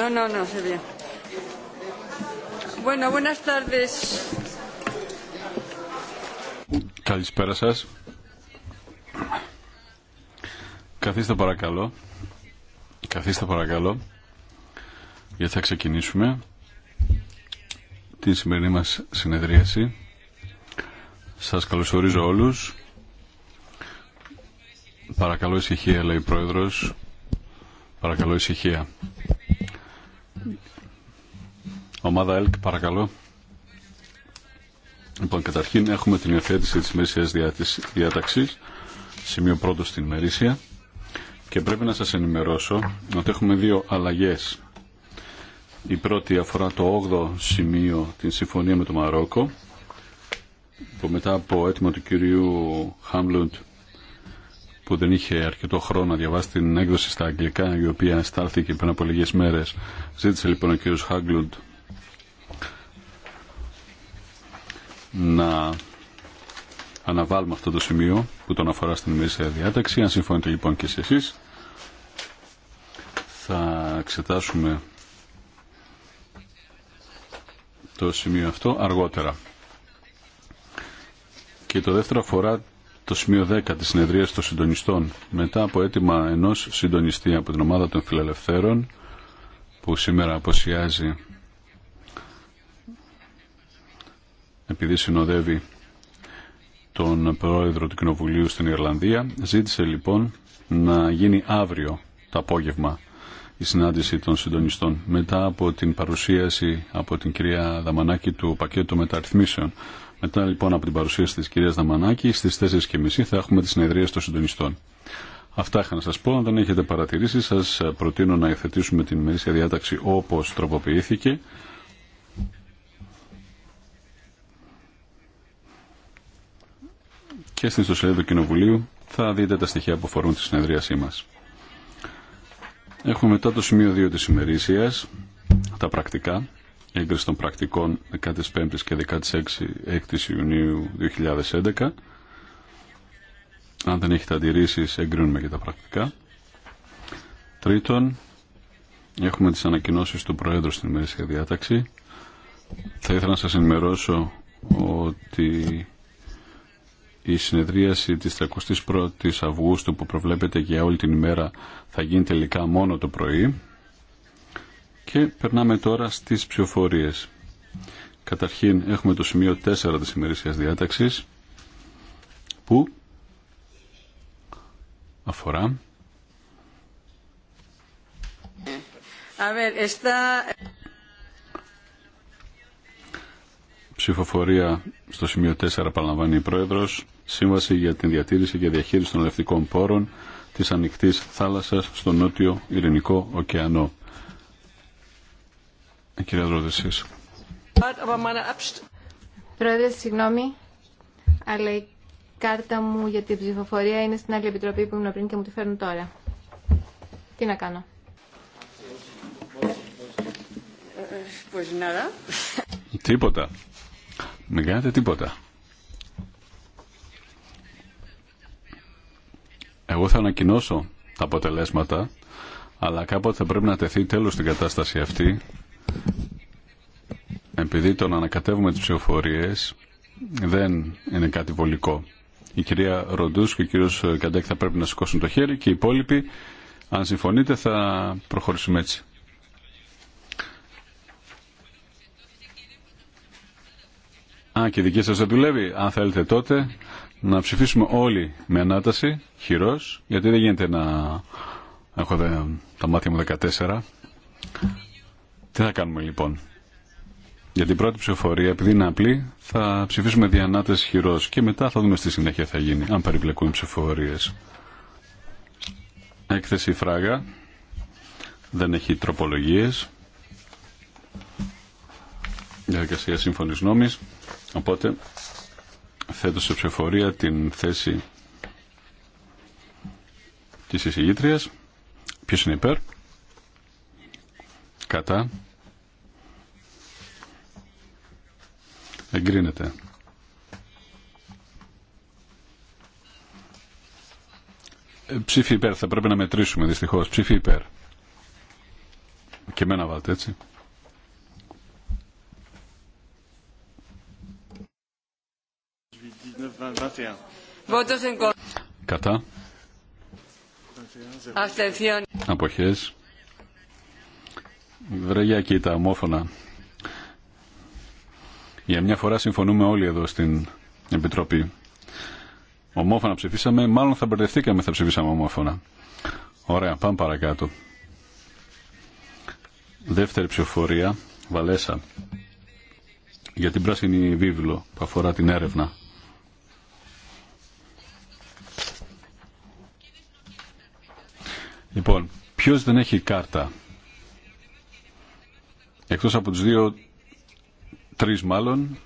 No, no, no, se ve. Bueno, buenas tardes. Καλησπέρα σα. Καθίστε παρακαλώ. Καθίστε παρακαλώ. Γιατί θα ξεκινήσουμε την σημερινή μας συνεδρίαση. Σα καλωσορίζω όλους. Παρακαλώ ησυχία, λέει η Πρόεδρος. Παρακαλώ ησυχία. Ομάδα ΕΛΚ, παρακαλώ. Λοιπόν, καταρχήν έχουμε την υιοθέτηση της μερίσιας διάταξη σημείο πρώτο στην μερίσια, και πρέπει να σας ενημερώσω ότι έχουμε δύο αλλαγές. Η πρώτη αφορά το 8ο σημείο, την συμφωνία με το Μαρόκο, που μετά από έτοιμο του κυρίου Χάμλουντ που δεν είχε αρκετό χρόνο να διαβάσει την έκδοση στα αγγλικά η οποία στάλθηκε πριν από λίγε μέρες ζήτησε λοιπόν ο κύριος Χάγκλουντ να αναβάλουμε αυτό το σημείο που τον αφορά στην ημερήσια διάταξη. Αν συμφωνείτε λοιπόν και εσείς, θα εξετάσουμε το σημείο αυτό αργότερα. Και το δεύτερο αφορά το σημείο 10 της συνεδρίας των συντονιστών. Μετά από αίτημα ενός συντονιστή από την ομάδα των φιλελευθέρων, που σήμερα αποσιάζει επειδή συνοδεύει τον πρόεδρο του Κοινοβουλίου στην Ιρλανδία. Ζήτησε λοιπόν να γίνει αύριο το απόγευμα η συνάντηση των συντονιστών μετά από την παρουσίαση από την κυρία Δαμανάκη του πακέτου μεταρρυθμίσεων. Μετά λοιπόν από την παρουσίαση της κυρίας Δαμανάκη στις 4.30 θα έχουμε τη συνεδρία των συντονιστών. Αυτά είχα να σας πω. Αν δεν έχετε παρατηρήσει σας προτείνω να υιοθετήσουμε την ημερήσια διάταξη όπως τροποποιήθηκε. και στην ιστοσελίδα του Κοινοβουλίου θα δείτε τα στοιχεία που αφορούν τη συνεδρίασή μας. Έχουμε μετά το σημείο 2 της ημερήσία. τα πρακτικά, έγκριση των πρακτικών 15 και 16 6 Ιουνίου 2011. Αν δεν έχετε αντιρρήσει, εγκρίνουμε και τα πρακτικά. Τρίτον, έχουμε τι ανακοινώσει του Προέδρου στην ημερήσια διάταξη. Θα ήθελα να σα ενημερώσω ότι η συνεδρίαση της 31ης Αυγούστου που προβλέπεται για όλη την ημέρα θα γίνει τελικά μόνο το πρωί και περνάμε τώρα στις ψηφοφορίες. Καταρχήν έχουμε το σημείο 4 της ημερήσιας διάταξης που αφορά... A ver, está... ψηφοφορία στο σημείο 4 παραλαμβάνει η Πρόεδρος, Σύμβαση για την διατήρηση και διαχείριση των λευτικών πόρων της ανοιχτής θάλασσας στο νότιο Ειρηνικό ωκεανό. Κυρία εσείς. Πρόεδρε, συγγνώμη, αλλά η κάρτα μου για την ψηφοφορία είναι στην άλλη επιτροπή που ήμουν πριν και μου τη φέρνουν τώρα. Τι να κάνω. Τίποτα. Μην κάνετε τίποτα. Εγώ θα ανακοινώσω τα αποτελέσματα, αλλά κάποτε θα πρέπει να τεθεί τέλος στην κατάσταση αυτή, επειδή το να ανακατεύουμε τις ψηφοφορίες δεν είναι κάτι βολικό. Η κυρία Ροντούς και ο κύριος Καντέκ θα πρέπει να σηκώσουν το χέρι και οι υπόλοιποι, αν συμφωνείτε, θα προχωρήσουμε έτσι. Α και δική σας δεν δουλεύει, αν θέλετε τότε να ψηφίσουμε όλοι με ανάταση, χειρός, γιατί δεν γίνεται να έχω τα μάτια μου 14. Τι θα κάνουμε λοιπόν. Για την πρώτη ψηφοφορία, επειδή είναι απλή, θα ψηφίσουμε διανάτες χειρός και μετά θα δούμε στη συνέχεια θα γίνει, αν περιπλεκούν ψηφοφορίες. Έκθεση φράγα. Δεν έχει τροπολογίες. Διαδικασία σύμφωνης νόμης. Οπότε θέτω σε ψηφορία την θέση της εισηγήτριας. Ποιος είναι υπέρ. Κατά. Εγκρίνεται. Ε, ψήφι υπέρ, θα πρέπει να μετρήσουμε δυστυχώς. Ψήφι υπέρ. Και εμένα βάλτε έτσι. Κατά. αποχέ. Αποχές. Βρε για κοίτα, ομόφωνα. Για μια φορά συμφωνούμε όλοι εδώ στην Επιτροπή. Ομόφωνα ψηφίσαμε, μάλλον θα μπερδευτήκαμε θα ψηφίσαμε ομόφωνα. Ωραία, πάμε παρακάτω. Δεύτερη ψηφοφορία, Βαλέσα, για την πράσινη βίβλο που αφορά την έρευνα. Λοιπόν, ποιο δεν έχει κάρτα. εκτό από τους δύο, τρει μάλλον,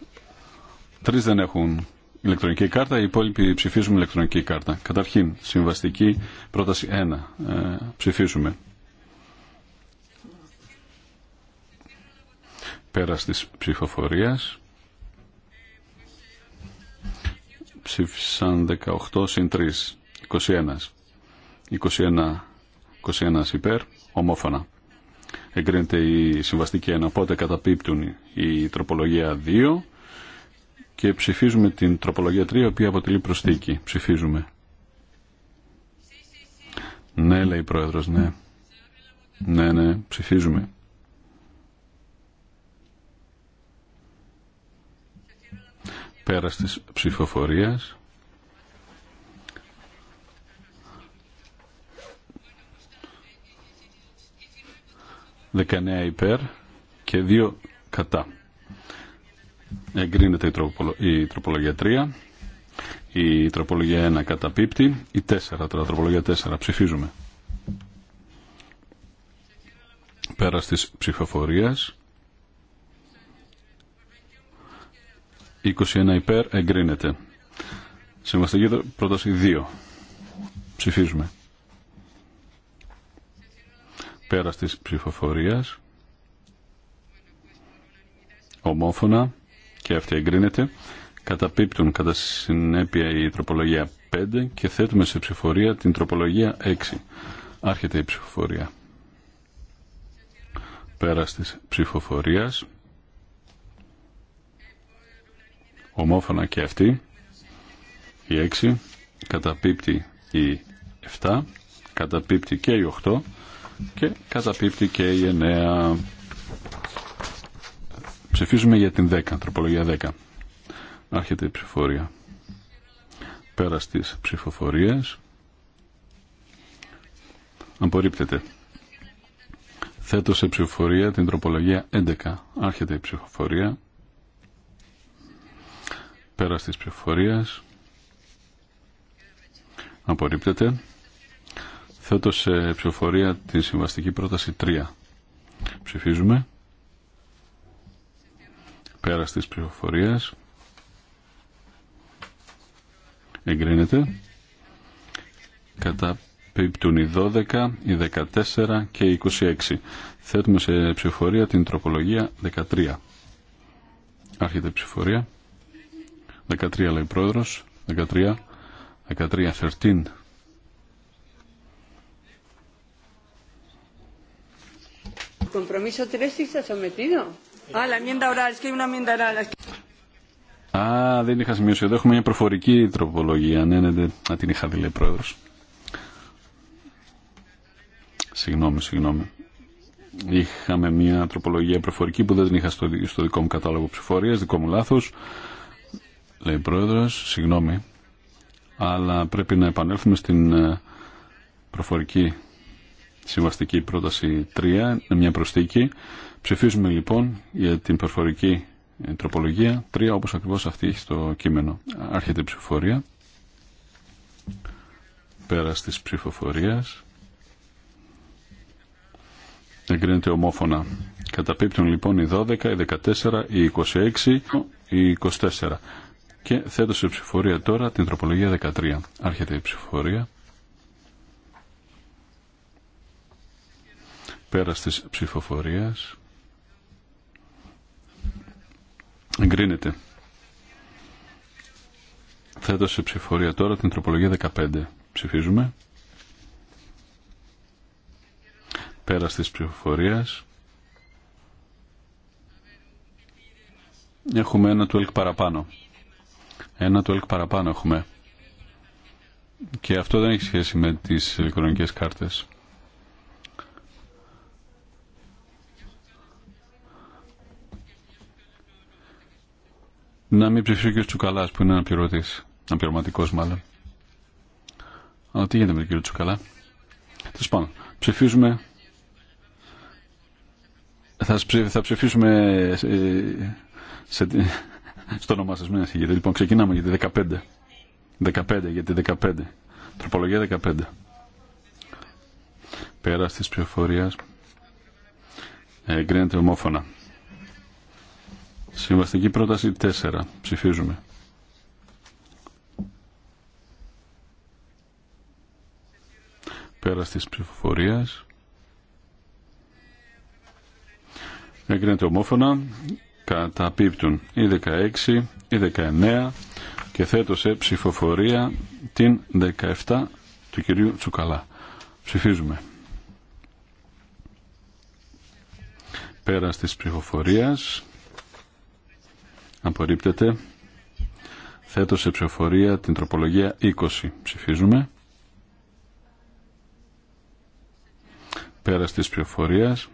τρει δεν έχουν ηλεκτρονική κάρτα, οι υπόλοιποι ψηφίζουμε ηλεκτρονική κάρτα. Καταρχήν, συμβαστική πρόταση 1. Ε, ψηφίζουμε. Πέρα της ψηφοφορίας. Ψήφισαν 18 συν 3. 21. 21 21 υπέρ, ομόφωνα. Εγκρίνεται η συμβαστική 1, οπότε καταπίπτουν η τροπολογία 2 και ψηφίζουμε την τροπολογία 3, η οποία αποτελεί προσθήκη. Ψηφίζουμε. Ναι, λέει η Πρόεδρος, ναι. Ναι, ναι, ψηφίζουμε. Πέρας της ψηφοφορίας 19 υπέρ και 2 κατά. Εγκρίνεται η τροπολογία 3. Η τροπολογία 1 καταπίπτει. Η 4 τώρα, τροπολογία 4. Ψηφίζουμε. Πέρα στις ψηφοφορίες, 21 υπέρ εγκρίνεται. Συμβαστική πρόταση 2. Ψηφίζουμε. Πέρας της ψηφοφορίας. Ομόφωνα και αυτή εγκρίνεται. Καταπίπτουν κατά συνέπεια η τροπολογία 5 και θέτουμε σε ψηφορία την τροπολογία 6. Άρχεται η ψηφοφορία. Πέρας της ψηφοφορίας. Ομόφωνα και αυτή. Η 6 καταπίπτει η 7, καταπίπτει και η 8 και καταπίπτει και η εννέα. Ψηφίζουμε για την 10, τροπολογία 10. Άρχεται η ψηφορία. Πέρα στις ψηφοφορίες. Απορρίπτεται. Θέτω σε ψηφοφορία την τροπολογία 11. Άρχεται η ψηφοφορία. Πέρα στις ψηφοφορίες. Απορρίπτεται. Θέτω σε ψηφοφορία τη συμβαστική πρόταση 3. Ψηφίζουμε. Πέρα τη ψηφοφορία. Εγκρίνεται. Κατά πίπτουν οι 12, οι 14 και οι 26. Θέτουμε σε ψηφοφορία την τροπολογία 13. Άρχεται η ψηφοφορία. 13 λέει πρόεδρος. 13. 13. 13. compromiso 3 sí se sometido. Ah, la enmienda oral, es que hay una enmienda oral. Α, ah, δεν είχα σημειώσει εδώ. Έχουμε μια προφορική τροπολογία. Ναι, ναι, ναι. Να την είχα δει, λέει πρόεδρος. Συγγνώμη, συγγνώμη. Είχαμε μια τροπολογία προφορική που δεν την είχα στο, στο δικό μου κατάλογο ψηφορίας, δικό μου λάθος. Λέει πρόεδρος, συγγνώμη. Αλλά πρέπει να επανέλθουμε στην ε, προφορική Συμβαστική πρόταση 3, είναι μια προσθήκη. Ψηφίζουμε λοιπόν για την προφορική ε, τροπολογία 3, όπως ακριβώς αυτή έχει στο κείμενο. Άρχεται η ψηφοφορία. Πέρας της ψηφοφορίας. Εγκρίνεται ομόφωνα. Καταπίπτουν λοιπόν οι 12, οι 14, οι 26, οι 24. Και θέτω σε ψηφορία τώρα την τροπολογία 13. Άρχεται η ψηφοφορία. Πέρας της ψηφοφορίας. Εγκρίνεται. Θέτω σε ψηφοφορία τώρα την τροπολογία 15. Ψηφίζουμε. Πέρας της ψηφοφορίας. Έχουμε ένα του ΕΛΚ παραπάνω. Ένα του ΕΛΚ παραπάνω έχουμε. Και αυτό δεν έχει σχέση με τις ηλεκτρονικές κάρτες. να μην ψηφίσει ο κ. Τσουκαλά που είναι αναπληρωτή. Αναπληρωματικό μάλλον. Αλλά τι γίνεται με τον κ. Τσουκαλά. Τέλο πάντων, ψηφίζουμε θα, θα ψηφίσουμε ε, σε, στο όνομά σα μια συγκεκριμένη. Λοιπόν, ξεκινάμε για τη 15. 15, για τη 15. Τροπολογία 15. Πέρα τη ψηφοφορίας εγκρίνεται ομόφωνα. Συμβαστική πρόταση 4. Ψηφίζουμε. Πέρας της ψηφοφορίας. Εγκρίνεται ομόφωνα. Καταπίπτουν η 16, η 19 και θέτω σε ψηφοφορία την 17 του κυρίου Τσουκαλά. Ψηφίζουμε. Πέρας της ψηφοφορίας Απορρίπτεται. Θέτω σε ψηφοφορία την τροπολογία 20. Ψηφίζουμε. Πέρα της ψηφοφορίας.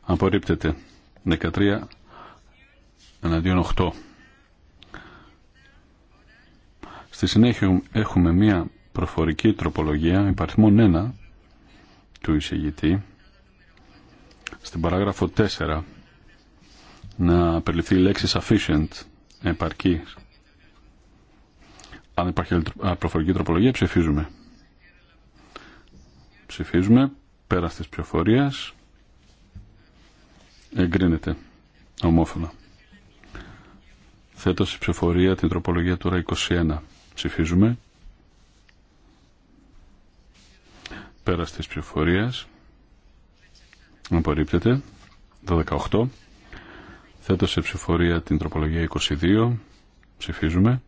Απορρίπτεται. 13 εναντίον 8. Στη συνέχεια έχουμε μία προφορική τροπολογία υπαριθμών 1 του εισηγητή στην παράγραφο 4 να περιληφθεί η λέξη sufficient επαρκή. Αν υπάρχει προφορική τροπολογία ψηφίζουμε. Ψηφίζουμε πέρα της ψηφοφορίας εγκρίνεται ομόφωνα. Θέτω στη ψηφοφορία την τροπολογία του 21. Ψηφίζουμε. Πέρα της ψηφοφορίας Απορρίπτεται. 18. Θέτω σε ψηφοφορία την τροπολογία 22. Ψηφίζουμε.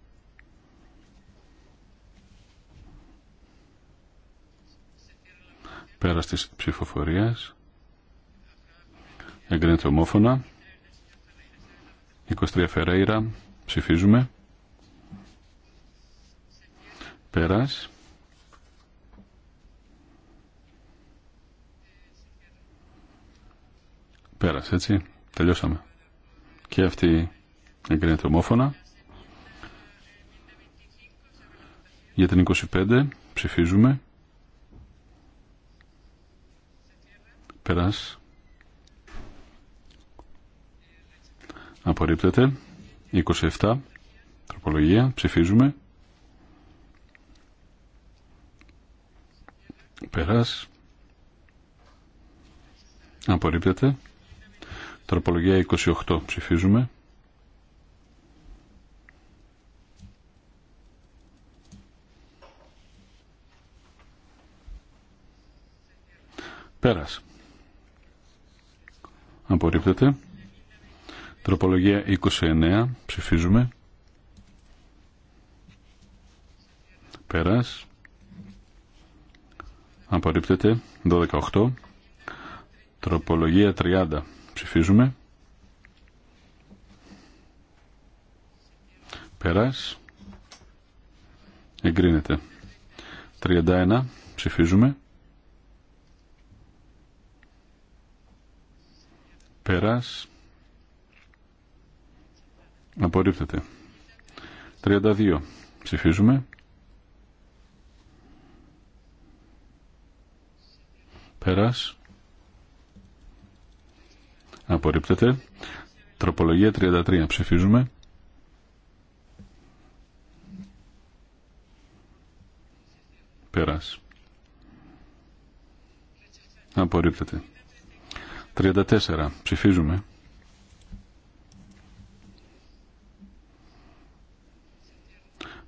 Πέρα της ψηφοφορίας. Εγκρίνεται ομόφωνα. 23 Φεραίρα. Ψηφίζουμε. Πέρας. Πέρασε έτσι. Τελειώσαμε. Και αυτή εγκρίνεται ομόφωνα. Για την 25 ψηφίζουμε. Περάς. Απορρίπτεται. 27. Τροπολογία. Ψηφίζουμε. Περάς. Απορρίπτεται. Τροπολογία 28 ψηφίζουμε. Πέρας. Απορρίπτεται. Τροπολογία 29. Ψηφίζουμε. Πέρας. Απορρίπτεται. 12.8. Τροπολογία 30. Ψηφίζουμε. Πέρας. Εγκρίνεται. 31. Ψηφίζουμε. Πέρας. Απορρίπτεται. 32. Ψηφίζουμε. Πέρας. Απορρίπτεται. Τροπολογία 33. Ψηφίζουμε. Πέρας. Απορρίπτεται. 34. Ψηφίζουμε.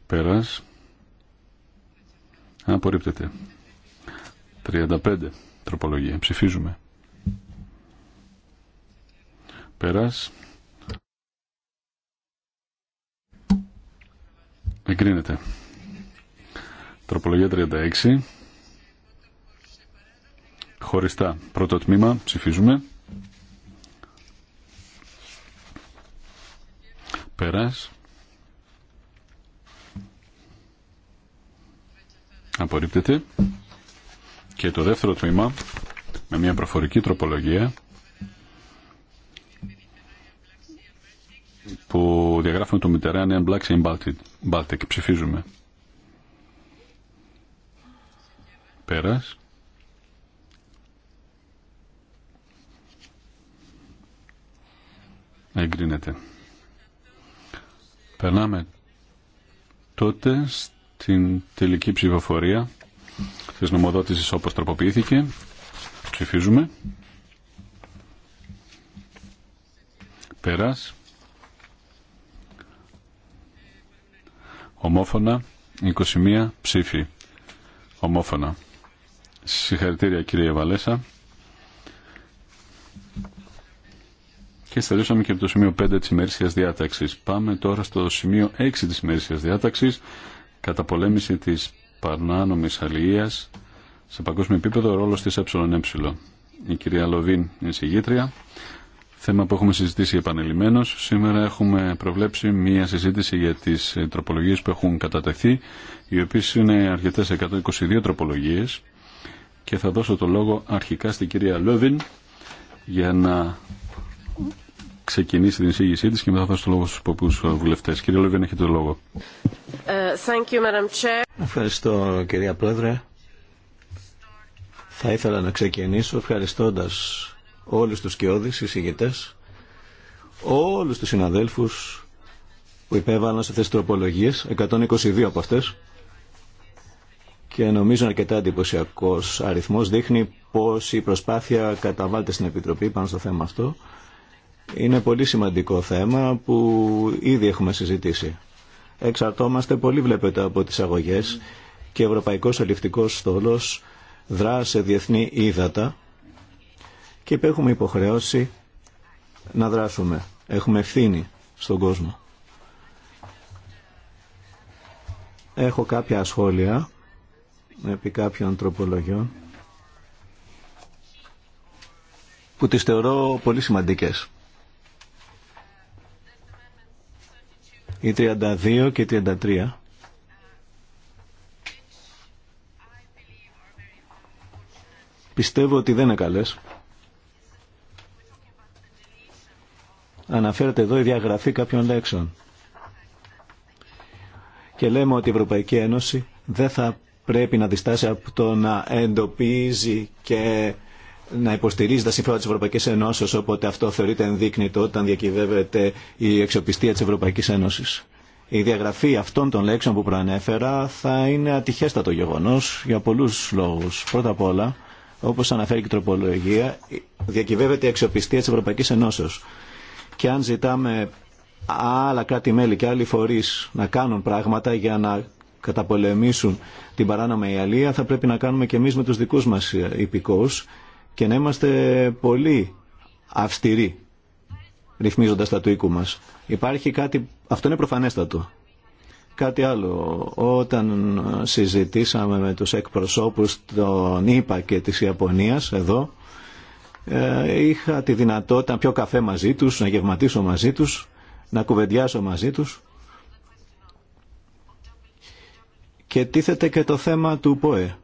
Πέρας. Απορρίπτεται. 35. Τροπολογία. Ψηφίζουμε. Πέρας. Εγκρίνεται. Τροπολογία 36. Χωριστά. Πρώτο τμήμα. Ψηφίζουμε. Πέρας. Απορρίπτεται. Και το δεύτερο τμήμα με μια προφορική τροπολογία που διαγράφουμε το Mediterranean Black Sea Baltic. Baltic. Ψηφίζουμε. Πέρας. Εγκρίνεται. Περνάμε τότε στην τελική ψηφοφορία της νομοδότησης όπως τροποποιήθηκε. Ψηφίζουμε. Πέρας. Ομόφωνα 21 ψήφοι. Ομόφωνα. Συγχαρητήρια κύριε Βαλέσα. Και στερήσαμε και από το σημείο 5 της ημερήσιας διάταξης. Πάμε τώρα στο σημείο 6 της ημερήσιας διάταξης. Καταπολέμηση της παράνομης αλληλείας σε παγκόσμιο επίπεδο ρόλος της ΕΕ. Η κυρία Λοβίν είναι συγγήτρια θέμα που έχουμε συζητήσει επανελειμμένως. Σήμερα έχουμε προβλέψει μία συζήτηση για τις ε, τροπολογίες που έχουν κατατεθεί, οι οποίες είναι αρκετέ 122 τροπολογίες και θα δώσω το λόγο αρχικά στην κυρία Λόβιν για να ξεκινήσει την εισήγησή της και μετά θα δώσω το λόγο στους υποπούς βουλευτές. Κύριε Λόβιν, έχετε το λόγο. Ε, Ευχαριστώ κυρία Πρόεδρε. Θα ήθελα να ξεκινήσω ευχαριστώντας όλους τους σκιώδεις εισηγητές, όλους τους συναδέλφους που υπέβαλαν σε αυτές τροπολογίες, 122 από αυτές, και νομίζω αρκετά εντυπωσιακό αριθμό δείχνει πω η προσπάθεια καταβάλλεται στην Επιτροπή πάνω στο θέμα αυτό. Είναι πολύ σημαντικό θέμα που ήδη έχουμε συζητήσει. Εξαρτόμαστε πολύ βλέπετε από τις αγωγές και ο Ευρωπαϊκό Αλληλευτικό Στόλο δρά διεθνή ύδατα και έχουμε υποχρεώσει να δράσουμε. Έχουμε ευθύνη στον κόσμο. Έχω κάποια σχόλια επί κάποιων τροπολογιών που τις θεωρώ πολύ σημαντικές. Οι 32 και 33 πιστεύω ότι δεν είναι καλές Αναφέρεται εδώ η διαγραφή κάποιων λέξεων. Και λέμε ότι η Ευρωπαϊκή Ένωση δεν θα πρέπει να διστάσει από το να εντοπίζει και να υποστηρίζει τα συμφέροντα της Ευρωπαϊκής Ένωσης, όποτε αυτό θεωρείται ενδείκνητο όταν διακυβεύεται η εξοπιστία της Ευρωπαϊκής Ένωσης. Η διαγραφή αυτών των λέξεων που προανέφερα θα είναι ατυχέστατο γεγονός για πολλούς λόγους. Πρώτα απ' όλα, όπως αναφέρει και η τροπολογία, διακυβεύεται η αξιοπιστία της Ευρωπαϊκής Ένωσης και αν ζητάμε άλλα κράτη-μέλη και άλλοι φορεί να κάνουν πράγματα για να καταπολεμήσουν την παράνομη αλία θα πρέπει να κάνουμε και εμείς με τους δικούς μας υπηκόους και να είμαστε πολύ αυστηροί ρυθμίζοντας τα του οίκου μας. Υπάρχει κάτι, αυτό είναι προφανέστατο. Κάτι άλλο, όταν συζητήσαμε με τους εκπροσώπους των ΙΠΑ και της Ιαπωνίας εδώ, ε, είχα τη δυνατότητα να πιω καφέ μαζί τους, να γευματίσω μαζί τους, να κουβεντιάσω μαζί τους. Και τίθεται και το θέμα του ΠΟΕ.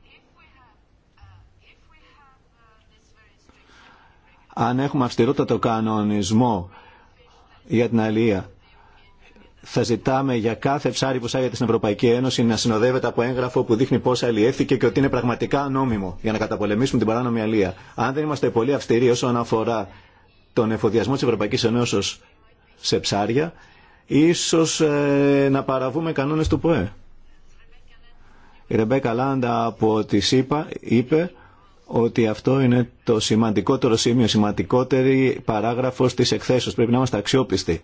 Αν έχουμε αυστηρότατο κανονισμό για την αλληλεία θα ζητάμε για κάθε ψάρι που σάγεται στην Ευρωπαϊκή Ένωση να συνοδεύεται από έγγραφο που δείχνει πώ αλλιεύθηκε και ότι είναι πραγματικά νόμιμο για να καταπολεμήσουμε την παράνομη αλία. Αν δεν είμαστε πολύ αυστηροί όσον αφορά τον εφοδιασμό τη Ευρωπαϊκή Ενώσεω σε ψάρια, ίσω ε, να παραβούμε κανόνε του ΠΟΕ. Η Ρεμπέκα Λάντα από τη ΣΥΠΑ είπε ότι αυτό είναι το σημαντικότερο σημείο, σημαντικότερη παράγραφος της εκθέσεως. Πρέπει να είμαστε αξιόπιστοι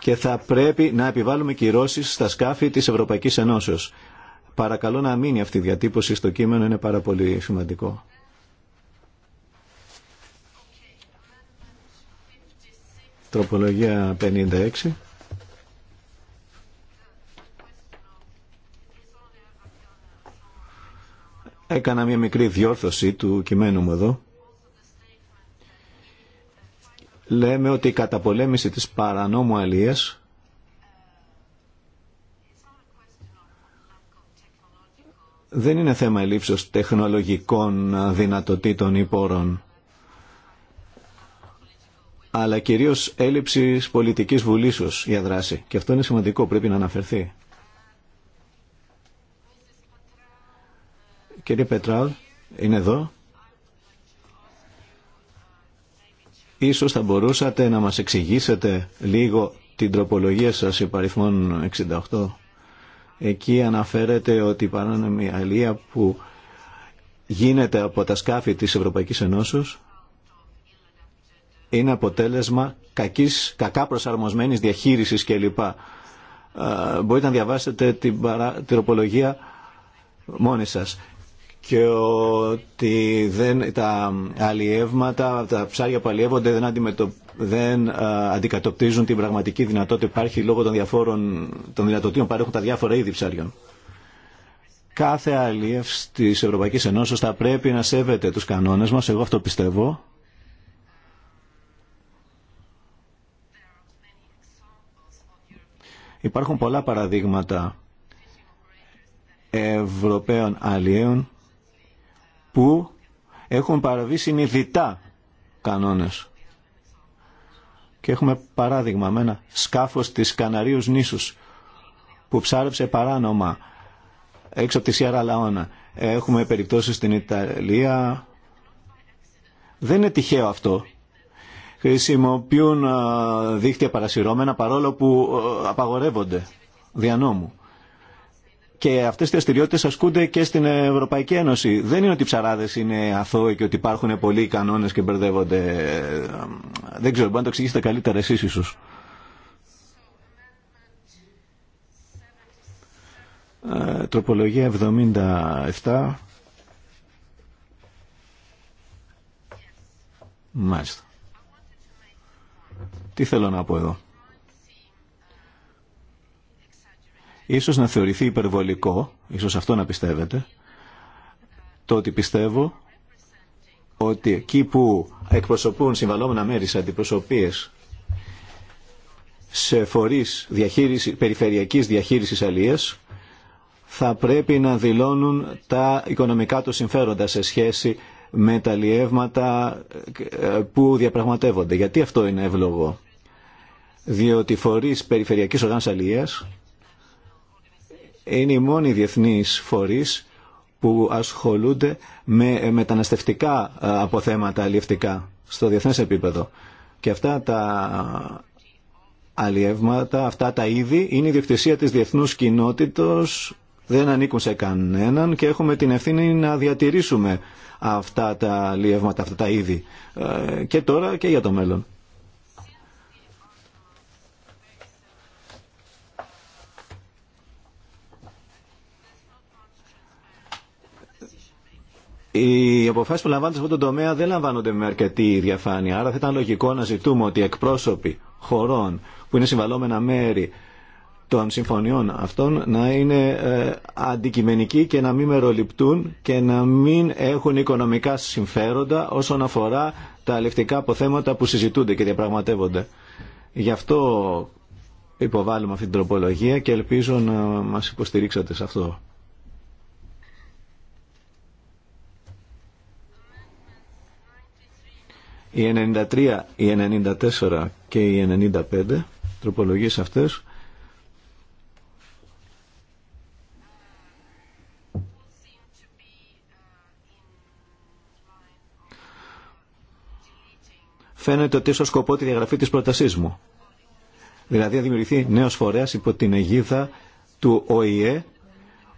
και θα πρέπει να επιβάλλουμε κυρώσεις στα σκάφη της Ευρωπαϊκής Ενώσεως. Παρακαλώ να μείνει αυτή η διατύπωση στο κείμενο, είναι πάρα πολύ σημαντικό. Τροπολογία 56. Έκανα μια μικρή διόρθωση του κειμένου μου εδώ λέμε ότι η καταπολέμηση της παρανόμου αλίας δεν είναι θέμα ελήψεως τεχνολογικών δυνατοτήτων ή πόρων αλλά κυρίως έλλειψης πολιτικής βουλήσεως για δράση. Και αυτό είναι σημαντικό, πρέπει να αναφερθεί. Κύριε Πετράου, είναι εδώ. Ίσως θα μπορούσατε να μας εξηγήσετε λίγο την τροπολογία σας υπαριθμών 68. Εκεί αναφέρεται ότι η παράνομη αλία που γίνεται από τα σκάφη της Ευρωπαϊκής Ενώσεως είναι αποτέλεσμα κακής, κακά προσαρμοσμένης διαχείρισης κλπ. Ε, μπορείτε να διαβάσετε την τροπολογία μόνοι σας και ότι δεν, τα αλλιεύματα, τα ψάρια που αλλιεύονται δεν, αντιμετω, την πραγματική δυνατότητα που υπάρχει λόγω των, διαφόρων, των δυνατοτήτων που παρέχουν τα διάφορα είδη ψαριών. Κάθε αλλιεύς τη Ευρωπαϊκή Ενώσεω θα πρέπει να σέβεται του κανόνε μα, εγώ αυτό πιστεύω. Υπάρχουν πολλά παραδείγματα Ευρωπαίων αλλιέων που έχουν παραβεί συνειδητά κανόνες. Και έχουμε παράδειγμα με ένα σκάφος της Καναρίους νήσους που ψάρεψε παράνομα έξω από τη Σιέρα Λαώνα. Έχουμε περιπτώσεις στην Ιταλία. Δεν είναι τυχαίο αυτό. Χρησιμοποιούν ε, δίχτυα παρασυρώμενα παρόλο που ε, απαγορεύονται δια και αυτέ οι δραστηριότητε ασκούνται και στην Ευρωπαϊκή Ένωση. Δεν είναι ότι οι ψαράδε είναι αθώοι και ότι υπάρχουν πολλοί κανόνε και μπερδεύονται. Δεν ξέρω, μπορεί να το εξηγήσετε καλύτερα εσεί ίσω. Ε, τροπολογία 77. Μάλιστα. Τι θέλω να πω εδώ. Ίσως να θεωρηθεί υπερβολικό, ίσως αυτό να πιστεύετε, το ότι πιστεύω ότι εκεί που εκπροσωπούν συμβαλόμενα μέρη σε αντιπροσωπείες σε φορείς διαχείριση, περιφερειακής διαχείρισης αλίας θα πρέπει να δηλώνουν τα οικονομικά του συμφέροντα σε σχέση με τα λιεύματα ε, που διαπραγματεύονται. Γιατί αυτό είναι εύλογο. Διότι φορείς περιφερειακής οργάνωσης αλίας είναι οι μόνοι διεθνείς φορείς που ασχολούνται με ε, μεταναστευτικά ε, αποθέματα αλλιευτικά στο διεθνές επίπεδο. Και αυτά τα αλλιεύματα, αυτά τα είδη είναι η διευθυνσία της διεθνούς κοινότητος, δεν ανήκουν σε κανέναν και έχουμε την ευθύνη να διατηρήσουμε αυτά τα αλλιεύματα, αυτά τα είδη ε, και τώρα και για το μέλλον. οι αποφάσει που λαμβάνονται σε αυτό το τομέα δεν λαμβάνονται με αρκετή διαφάνεια. Άρα θα ήταν λογικό να ζητούμε ότι εκπρόσωποι χωρών που είναι συμβαλόμενα μέρη των συμφωνιών αυτών να είναι ε, αντικειμενικοί και να μην μεροληπτούν και να μην έχουν οικονομικά συμφέροντα όσον αφορά τα αλευτικά αποθέματα που συζητούνται και διαπραγματεύονται. Γι' αυτό υποβάλλουμε αυτή την τροπολογία και ελπίζω να μας υποστηρίξετε σε αυτό. Οι 93, οι 94 και οι 95 τροπολογίες αυτές φαίνεται ότι ίσως σκοπό τη διαγραφή της πρότασής μου. Δηλαδή να δημιουργηθεί νέος φορέας υπό την αιγίδα του ΟΗΕ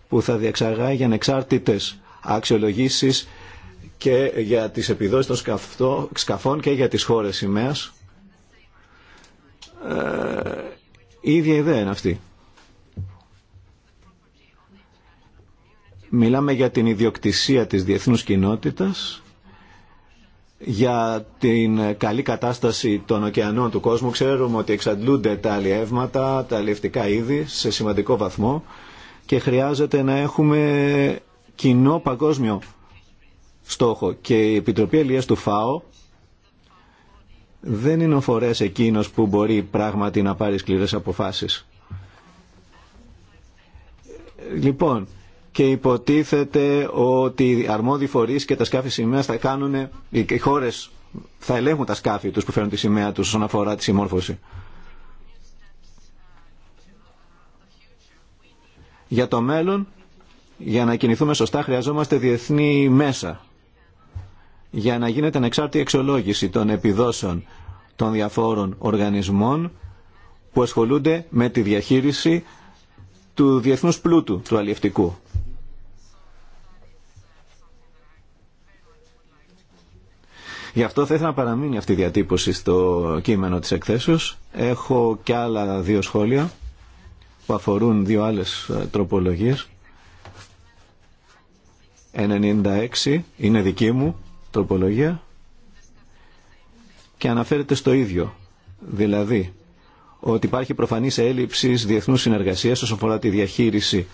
που θα διεξαγάγει ανεξάρτητες αξιολογήσεις και για τις επιδόσεις των σκαφτό, σκαφών και για τις χώρες σημαίας. Ε, ίδια ιδέα είναι αυτή. Μιλάμε για την ιδιοκτησία της διεθνούς κοινότητας, για την καλή κατάσταση των ωκεανών του κόσμου. Ξέρουμε ότι εξαντλούνται τα αλλιεύματα, τα αλλιευτικά είδη σε σημαντικό βαθμό και χρειάζεται να έχουμε κοινό παγκόσμιο στόχο. Και η Επιτροπή Ελίας του ΦΑΟ δεν είναι ο φορέας εκείνος που μπορεί πράγματι να πάρει σκληρές αποφάσεις. Λοιπόν, και υποτίθεται ότι οι αρμόδιοι φορείς και τα σκάφη σημαία θα κάνουν, οι χώρες θα ελέγχουν τα σκάφη τους που φέρνουν τη σημαία τους όσον αφορά τη συμμόρφωση. Για το μέλλον, για να κινηθούμε σωστά, χρειαζόμαστε διεθνή μέσα για να γίνεται ανεξάρτητη εξολόγηση των επιδόσεων των διαφόρων οργανισμών που ασχολούνται με τη διαχείριση του διεθνούς πλούτου του αλλιευτικού. Γι' αυτό θα ήθελα να παραμείνει αυτή η διατύπωση στο κείμενο της εκθέσεως. Έχω και άλλα δύο σχόλια που αφορούν δύο άλλες ε, τροπολογίες. 96 είναι δική μου τροπολογία και αναφέρεται στο ίδιο. Δηλαδή, ότι υπάρχει προφανής έλλειψη διεθνού συνεργασίας όσον αφορά τη διαχείριση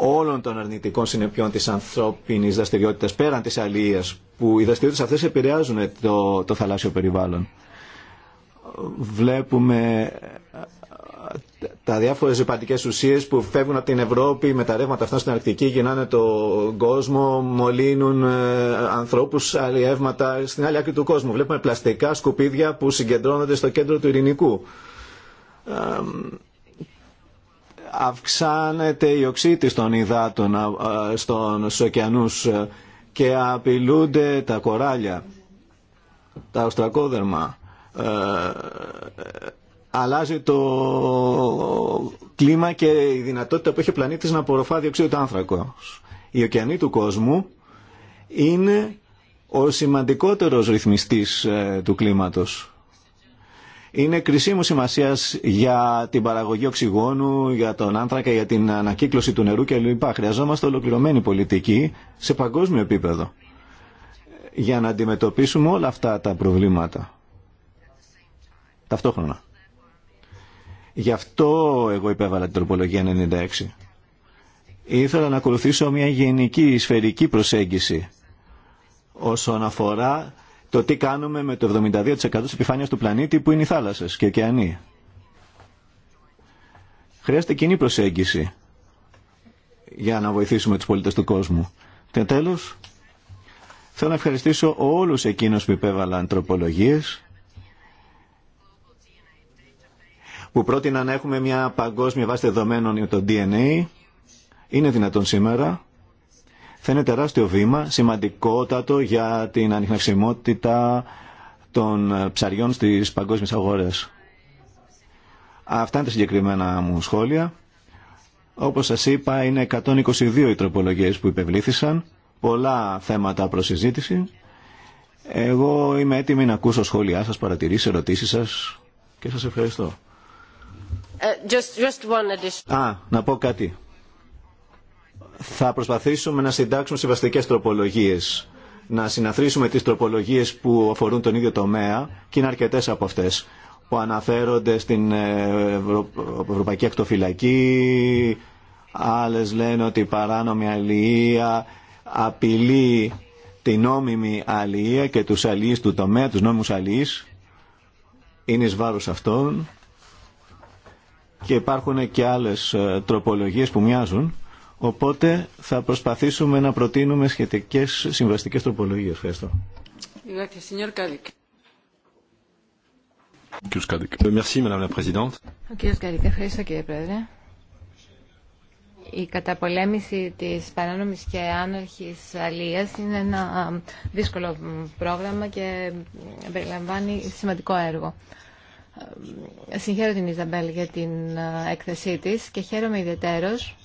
όλων των αρνητικών συνεπειών της ανθρώπινης δραστηριότητας πέραν της αλληλείας που οι δραστηριότητες αυτές επηρεάζουν το, το θαλάσσιο περιβάλλον. Βλέπουμε τα διάφορε ζυπαντικές ουσίε που φεύγουν από την Ευρώπη με τα ρεύματα αυτά στην Αρκτική γυρνάνε τον κόσμο, μολύνουν ε, ανθρώπους, αλλιεύματα στην άλλη άκρη του κόσμου. Βλέπουμε πλαστικά σκουπίδια που συγκεντρώνονται στο κέντρο του ειρηνικού. Αυξάνεται η οξύτη των υδάτων στους ωκεανούς ε, και απειλούνται τα κοράλια, τα οστρακόδερμα ε, αλλάζει το κλίμα και η δυνατότητα που έχει ο πλανήτης να απορροφά διοξείδιο του άνθρακο. Οι ωκεανοί του κόσμου είναι ο σημαντικότερος ρυθμιστής ε, του κλίματος. Είναι κρισίμου σημασία για την παραγωγή οξυγόνου, για τον άνθρακα, για την ανακύκλωση του νερού κλπ. Χρειαζόμαστε ολοκληρωμένη πολιτική σε παγκόσμιο επίπεδο για να αντιμετωπίσουμε όλα αυτά τα προβλήματα. Ταυτόχρονα. Γι' αυτό εγώ υπέβαλα την τροπολογία 96. Ήθελα να ακολουθήσω μια γενική σφαιρική προσέγγιση όσον αφορά το τι κάνουμε με το 72% της επιφάνειας του πλανήτη που είναι οι θάλασσες και οι ωκεανοί. Χρειάζεται κοινή προσέγγιση για να βοηθήσουμε τους πολίτες του κόσμου. Και τέλος, θέλω να ευχαριστήσω όλους εκείνους που υπέβαλαν τροπολογίες που πρότεινα να έχουμε μια παγκόσμια βάση δεδομένων για το DNA. Είναι δυνατόν σήμερα. Θα είναι τεράστιο βήμα, σημαντικότατο για την ανιχνευσιμότητα των ψαριών στις παγκόσμιες αγορές. Αυτά είναι τα συγκεκριμένα μου σχόλια. Όπως σας είπα, είναι 122 οι τροπολογίες που υπευλήθησαν. Πολλά θέματα προς συζήτηση. Εγώ είμαι έτοιμη να ακούσω σχόλιά σας, παρατηρήσεις, ερωτήσεις σας και σας ευχαριστώ. Ε, Α, να πω κάτι. Θα προσπαθήσουμε να συντάξουμε συμβαστικές τροπολογίες. Να συναθρήσουμε τις τροπολογίες που αφορούν τον ίδιο τομέα και είναι αρκετές από αυτές που αναφέρονται στην ε, Ευρωπαϊκή Ακτοφυλακή, άλλε λένε ότι η παράνομη αλληλεία απειλεί την νόμιμη αλληλεία και του αλληλεί του τομέα, τους νόμους αλληλεί. Είναι ει βάρος αυτών και υπάρχουν και άλλες ε, τροπολογίες που μοιάζουν. Οπότε θα προσπαθήσουμε να προτείνουμε σχετικές συμβαστικές τροπολογίες. Ευχαριστώ. ευχαριστώ κύριε Πρόεδρε. Η καταπολέμηση της παράνομης και άνοχης αλίας είναι ένα δύσκολο πρόγραμμα και περιλαμβάνει σημαντικό έργο. Ε, συγχαίρω την Ιζαμπέλ για την ε, έκθεσή της και χαίρομαι ιδιαίτερος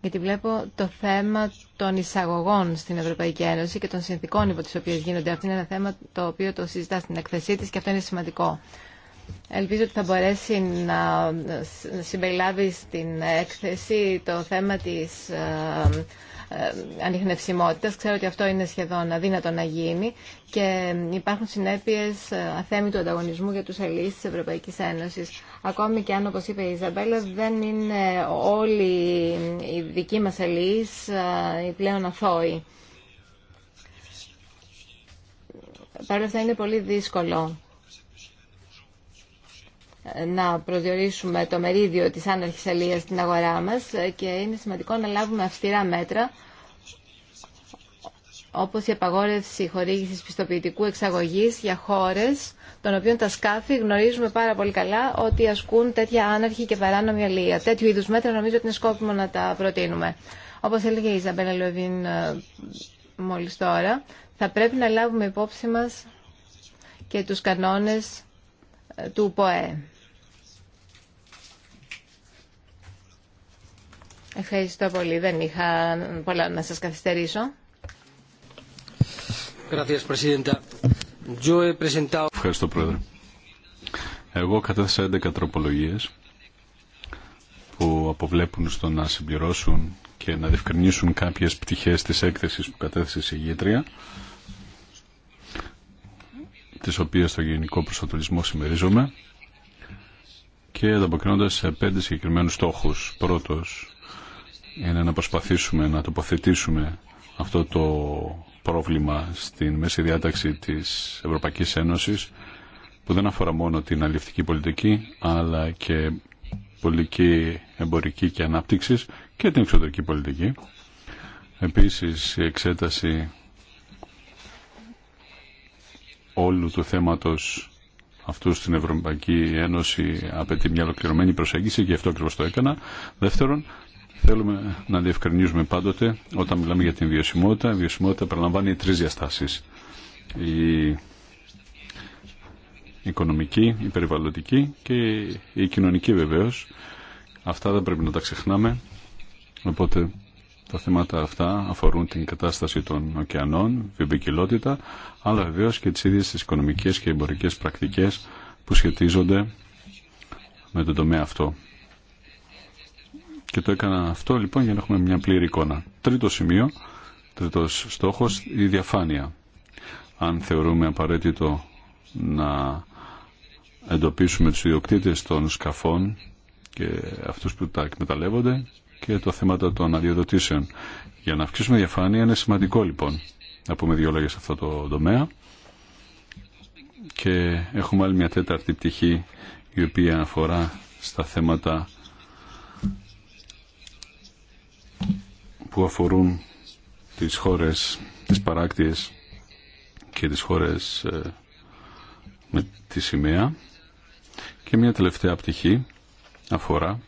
γιατί βλέπω το θέμα των εισαγωγών στην Ευρωπαϊκή Ένωση και των συνθήκων υπό τις οποίες γίνονται. Αυτό είναι ένα θέμα το οποίο το συζητά στην έκθεσή της και αυτό είναι σημαντικό. Ελπίζω ότι θα μπορέσει να ε, συμπεριλάβει στην έκθεση το θέμα της ε, ανιχνευσιμότητας. Ξέρω ότι αυτό είναι σχεδόν αδύνατο να γίνει και υπάρχουν συνέπειες ε, αθέμη του ανταγωνισμού για τους ελλείς της Ευρωπαϊκής Ένωσης. Ακόμη και αν, όπως είπε η Ιζαμπέλα, δεν είναι όλοι οι δικοί μας ελλείς οι πλέον αθώοι. Παρ' όλα αυτά είναι πολύ δύσκολο να προσδιορίσουμε το μερίδιο της άναρχης αλίας στην αγορά μας και είναι σημαντικό να λάβουμε αυστηρά μέτρα όπως η απαγόρευση χορήγησης πιστοποιητικού εξαγωγής για χώρες των οποίων τα σκάφη γνωρίζουμε πάρα πολύ καλά ότι ασκούν τέτοια άναρχη και παράνομη αλία. Τέτοιου είδους μέτρα νομίζω ότι είναι σκόπιμο να τα προτείνουμε. Όπως έλεγε η Ιζαμπέλα Λεβίν ε, μόλις τώρα, θα πρέπει να λάβουμε υπόψη μας και τους κανόνες ε, του ΠΟΕ. Ευχαριστώ πολύ. Δεν είχα πολλά να σας καθυστερήσω. Ευχαριστώ, Πρόεδρε. Εγώ κατέθεσα 11 τροπολογίες που αποβλέπουν στο να συμπληρώσουν και να διευκρινίσουν κάποιες πτυχές της έκθεσης που κατέθεσε η συγγήτρια τις οποίες στο γενικό προσανατολισμό συμμερίζομαι και ανταποκρίνοντας σε πέντε συγκεκριμένους στόχους. Πρώτος, είναι να προσπαθήσουμε να τοποθετήσουμε αυτό το πρόβλημα στην μέση διάταξη της Ευρωπαϊκής Ένωσης που δεν αφορά μόνο την αλληλευτική πολιτική αλλά και πολιτική εμπορική και ανάπτυξης και την εξωτερική πολιτική. Επίσης η εξέταση όλου του θέματος αυτού στην Ευρωπαϊκή Ένωση απαιτεί μια ολοκληρωμένη προσέγγιση και αυτό ακριβώ το έκανα. Δεύτερον, Θέλουμε να διευκρινίζουμε πάντοτε όταν μιλάμε για την βιωσιμότητα. Η βιωσιμότητα περιλαμβάνει τρεις διαστάσεις. Η οικονομική, η περιβαλλοντική και η κοινωνική βεβαίως. Αυτά δεν πρέπει να τα ξεχνάμε. Οπότε τα θέματα αυτά αφορούν την κατάσταση των ωκεανών, βιοποικιλότητα, αλλά βεβαίως και τις ίδιες τις οικονομικές και εμπορικές πρακτικές που σχετίζονται με τον τομέα αυτό. Και το έκανα αυτό λοιπόν για να έχουμε μια πλήρη εικόνα. Τρίτο σημείο, τρίτος στόχος, η διαφάνεια. Αν θεωρούμε απαραίτητο να εντοπίσουμε τους ιδιοκτήτες των σκαφών και αυτούς που τα εκμεταλλεύονται και το θέματα των αδειοδοτήσεων. Για να αυξήσουμε διαφάνεια είναι σημαντικό λοιπόν να πούμε δύο λόγια σε αυτό το τομέα και έχουμε άλλη μια τέταρτη πτυχή η οποία αφορά στα θέματα που αφορούν τις χώρες, τις παράκτιες και τις χώρες ε, με τη σημαία. Και μια τελευταία πτυχή αφορά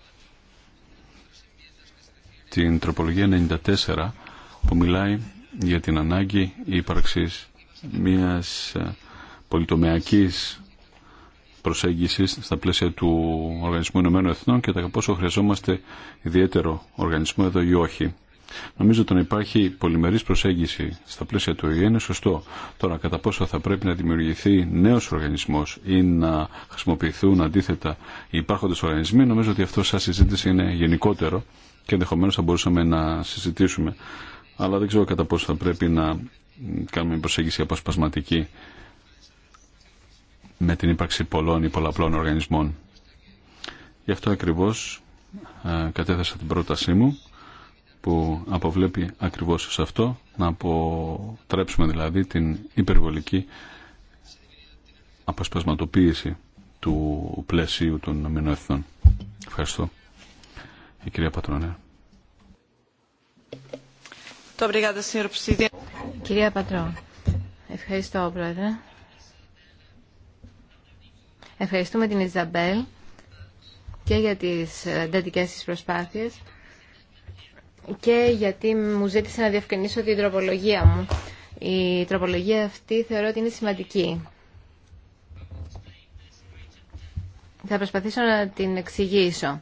την τροπολογία 94 που μιλάει για την ανάγκη ύπαρξης μιας ε, πολυτομεακής προσέγγισης στα πλαίσια του Οργανισμού Ηνωμένων Εθνών και τα πόσο χρειαζόμαστε ιδιαίτερο οργανισμό εδώ ή όχι. Νομίζω ότι να υπάρχει πολυμερή προσέγγιση στα πλαίσια του ΟΗΕ είναι σωστό. Τώρα, κατά πόσο θα πρέπει να δημιουργηθεί να χρησιμοποιηθούν αντίθετα, οι υπάρχοντο οργανισμοί, νομίζω ότι αυτό ή να χρησιμοποιηθούν αντίθετα οι υπάρχοντες οργανισμοί, νομίζω ότι αυτό σαν συζήτηση είναι γενικότερο και ενδεχομένω θα μπορούσαμε να συζητήσουμε. Αλλά δεν ξέρω κατά πόσο θα πρέπει να κάνουμε προσέγγιση αποσπασματική με την ύπαρξη πολλών ή πολλαπλών οργανισμών. Γι' αυτό ακριβώς ε, κατέθεσα την πρότασή μου που αποβλέπει ακριβώς σε αυτό, να αποτρέψουμε δηλαδή την υπερβολική αποσπασματοποίηση του πλαισίου των νομινόεθνων. Ευχαριστώ. Η κυρία Πατρόνια. Κυρία Πατρό, ευχαριστώ πρόεδρε. Ευχαριστούμε την Ιζαμπέλ και για τις εντατικές της προσπάθειες και γιατί μου ζήτησε να διευκρινίσω την τροπολογία μου. Η τροπολογία αυτή θεωρώ ότι είναι σημαντική. Θα προσπαθήσω να την εξηγήσω.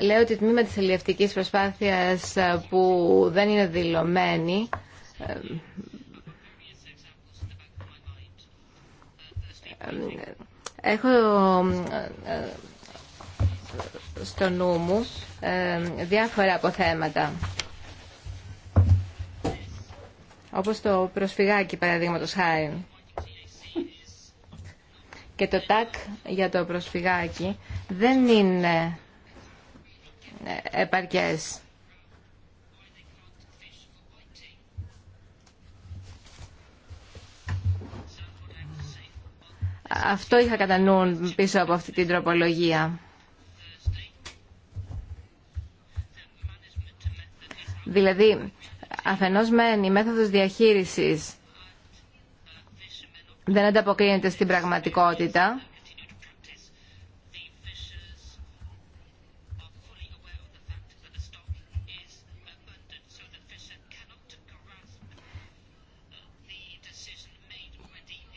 Λέω ότι τμήμα της ελευθερικής προσπάθειας ε, που δεν είναι δηλωμένη ε, ε, Έχω ε, ε, στο νου μου ε, διάφορα αποθέματα. Όπως το προσφυγάκι, παραδείγματος χάρη. Και το τάκ για το προσφυγάκι δεν είναι επαρκές. Αυτό είχα κατά νου πίσω από αυτή την τροπολογία. Δηλαδή, αφενός μεν η μέθοδος διαχείρισης δεν ανταποκρίνεται στην πραγματικότητα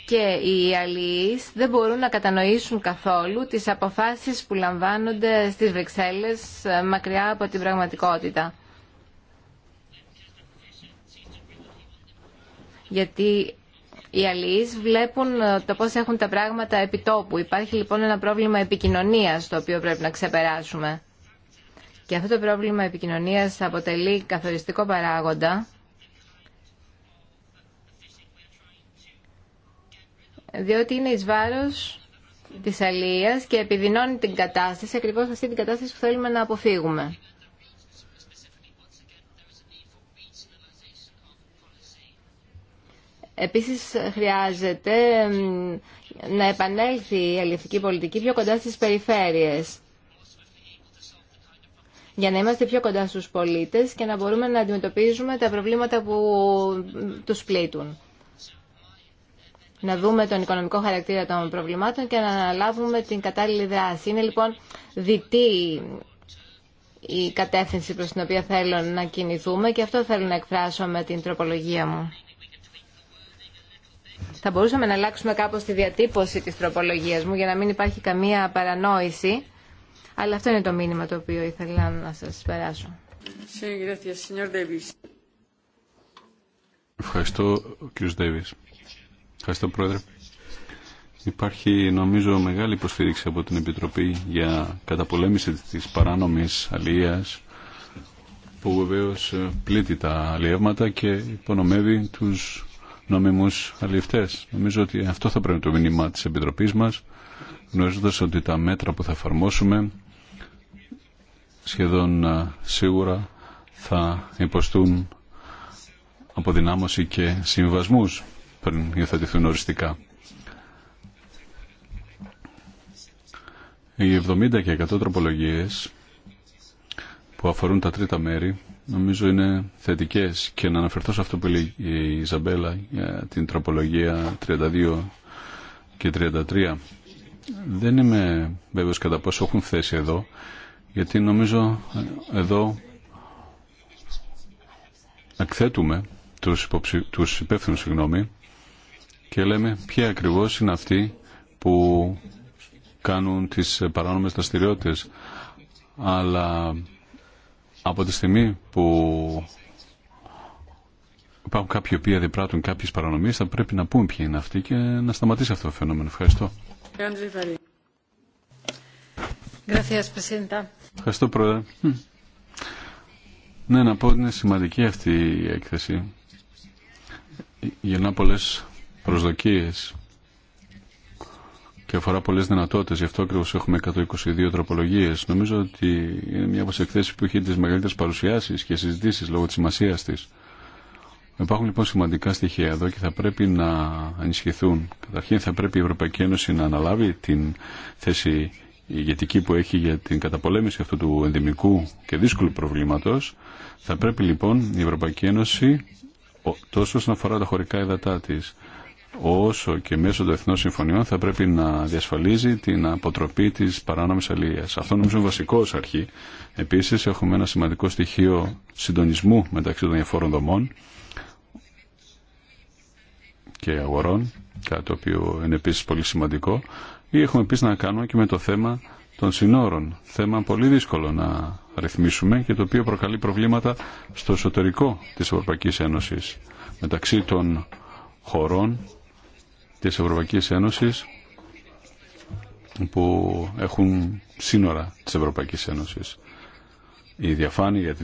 και οι αλληλείς δεν μπορούν να κατανοήσουν καθόλου τις αποφάσεις που λαμβάνονται στις Βρυξέλλες ε, μακριά από την πραγματικότητα. Γιατί οι αλληλείς βλέπουν ε, το πώς έχουν τα πράγματα επιτόπου. Υπάρχει λοιπόν ένα πρόβλημα επικοινωνίας το οποίο πρέπει να ξεπεράσουμε. Και αυτό το πρόβλημα επικοινωνίας αποτελεί καθοριστικό παράγοντα διότι είναι εις βάρος της αλίας και επιδεινώνει την κατάσταση, ακριβώς αυτή την κατάσταση που θέλουμε να αποφύγουμε. Επίσης χρειάζεται να επανέλθει η αλληλευτική πολιτική πιο κοντά στις περιφέρειες για να είμαστε πιο κοντά στους πολίτες και να μπορούμε να αντιμετωπίζουμε τα προβλήματα που τους πλήττουν να δούμε τον οικονομικό χαρακτήρα των προβλημάτων και να αναλάβουμε την κατάλληλη δράση. Είναι λοιπόν διτή η κατεύθυνση προς την οποία θέλω να κινηθούμε και αυτό θέλω να εκφράσω με την τροπολογία μου. Θα μπορούσαμε να αλλάξουμε κάπως τη διατύπωση της τροπολογίας μου για να μην υπάρχει καμία παρανόηση, αλλά αυτό είναι το μήνυμα το οποίο ήθελα να σας περάσω. Ευχαριστώ, κύριος Ντέβις. Ευχαριστώ Πρόεδρε. Υπάρχει νομίζω μεγάλη υποστήριξη από την Επιτροπή για καταπολέμηση της παράνομης αλίας που βεβαίω ε, πλήττει τα αλληλεύματα και υπονομεύει τους νομιμούς αλληλευτές. Νομίζω ότι αυτό θα πρέπει το μήνυμα της Επιτροπής μας γνωρίζοντας ότι τα μέτρα που θα εφαρμόσουμε σχεδόν ε, σίγουρα θα υποστούν αποδυνάμωση και συμβασμούς πριν υιοθετηθούν οριστικά. Οι 70 και 100 τροπολογίες που αφορούν τα τρίτα μέρη νομίζω είναι θετικές και να αναφερθώ σε αυτό που λέει η Ιζαμπέλα για την τροπολογία 32 και 33. Δεν είμαι βέβαιος κατά πόσο έχουν θέση εδώ γιατί νομίζω εδώ εκθέτουμε τους, υποψη... τους υπεύθυνους συγγνώμη, και λέμε ποιοι ακριβώς είναι αυτοί που κάνουν τις παράνομες δραστηριότητε. Αλλά από τη στιγμή που υπάρχουν κάποιοι οποίοι διπράττουν κάποιες παρανομίες θα πρέπει να πούμε ποιοι είναι αυτοί και να σταματήσει αυτό το φαινόμενο. Ευχαριστώ. Ευχαριστώ Πρόεδρε. Ναι, να πω ότι είναι σημαντική αυτή η έκθεση. Γεννά πολλές προσδοκίες και αφορά πολλές δυνατότητες. Γι' αυτό ακριβώ έχουμε 122 τροπολογίες. Νομίζω ότι είναι μια από τις εκθέσεις που έχει τις μεγαλύτερες παρουσιάσεις και συζητήσεις λόγω της σημασία της. Υπάρχουν λοιπόν σημαντικά στοιχεία εδώ και θα πρέπει να ενισχυθούν. Καταρχήν θα πρέπει η Ευρωπαϊκή Ένωση να αναλάβει την θέση ηγετική που έχει για την καταπολέμηση αυτού του ενδημικού και δύσκολου προβλήματο, Θα πρέπει λοιπόν η Ευρωπαϊκή Ένωση τόσο όσον αφορά τα χωρικά υδατά της όσο και μέσω των εθνών συμφωνιών θα πρέπει να διασφαλίζει την αποτροπή τη παράνομη αλληλεία. Αυτό νομίζω είναι βασικό ως αρχή. Επίση έχουμε ένα σημαντικό στοιχείο συντονισμού μεταξύ των διαφόρων δομών και αγορών, κάτι το οποίο είναι επίση πολύ σημαντικό. Ή έχουμε επίση να κάνουμε και με το θέμα των συνόρων, θέμα πολύ δύσκολο να ρυθμίσουμε και το οποίο προκαλεί προβλήματα στο εσωτερικό της Ευρωπαϊκής Ένωσης μεταξύ των χωρών της Ευρωπαϊκής Ένωσης που έχουν σύνορα της Ευρωπαϊκής Ένωσης. Η διαφάνεια για τη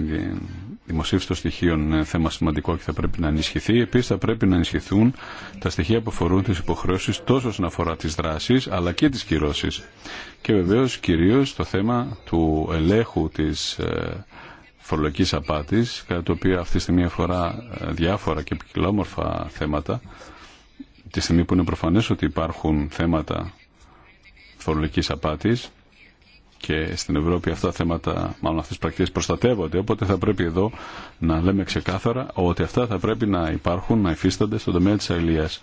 δημοσίευση των στοιχείων είναι θέμα σημαντικό και θα πρέπει να ενισχυθεί. Επίση, θα πρέπει να ενισχυθούν τα στοιχεία που αφορούν τι υποχρεώσει τόσο όσον αφορά τι δράσει αλλά και τι κυρώσει. Και βεβαίω, κυρίω το θέμα του ελέγχου τη ε, φορολογική απάτη, κατά το οποίο αυτή τη στιγμή αφορά ε, διάφορα και ποικιλόμορφα θέματα τη στιγμή που είναι προφανές ότι υπάρχουν θέματα φορολογικής απάτης και στην Ευρώπη αυτά τα θέματα, μάλλον αυτές τις πρακτικές προστατεύονται, οπότε θα πρέπει εδώ να λέμε ξεκάθαρα ότι αυτά θα πρέπει να υπάρχουν, να υφίστανται στον τομέα της αλληλείας.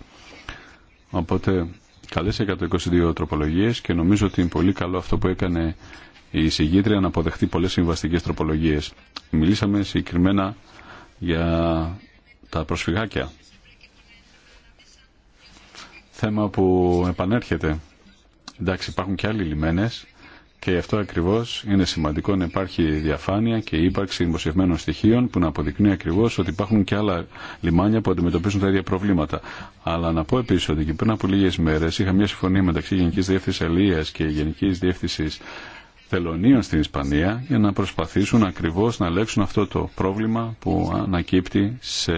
Οπότε καλές 122 τροπολογίες και νομίζω ότι είναι πολύ καλό αυτό που έκανε η εισηγήτρια να αποδεχτεί πολλές συμβαστικέ τροπολογίες. Μιλήσαμε συγκεκριμένα για τα προσφυγάκια θέμα που επανέρχεται. Εντάξει, υπάρχουν και άλλοι λιμένες και αυτό ακριβώς είναι σημαντικό να υπάρχει διαφάνεια και ύπαρξη δημοσιευμένων στοιχείων που να αποδεικνύει ακριβώς ότι υπάρχουν και άλλα λιμάνια που αντιμετωπίζουν τα ίδια προβλήματα. Αλλά να πω επίσης ότι και πριν από λίγες μέρες είχα μια συμφωνία μεταξύ Γενικής Διεύθυνσης Αλίας και Γενικής Διεύθυνσης θελωνίων στην Ισπανία για να προσπαθήσουν ακριβώς να αλλάξουν αυτό το πρόβλημα που ανακύπτει σε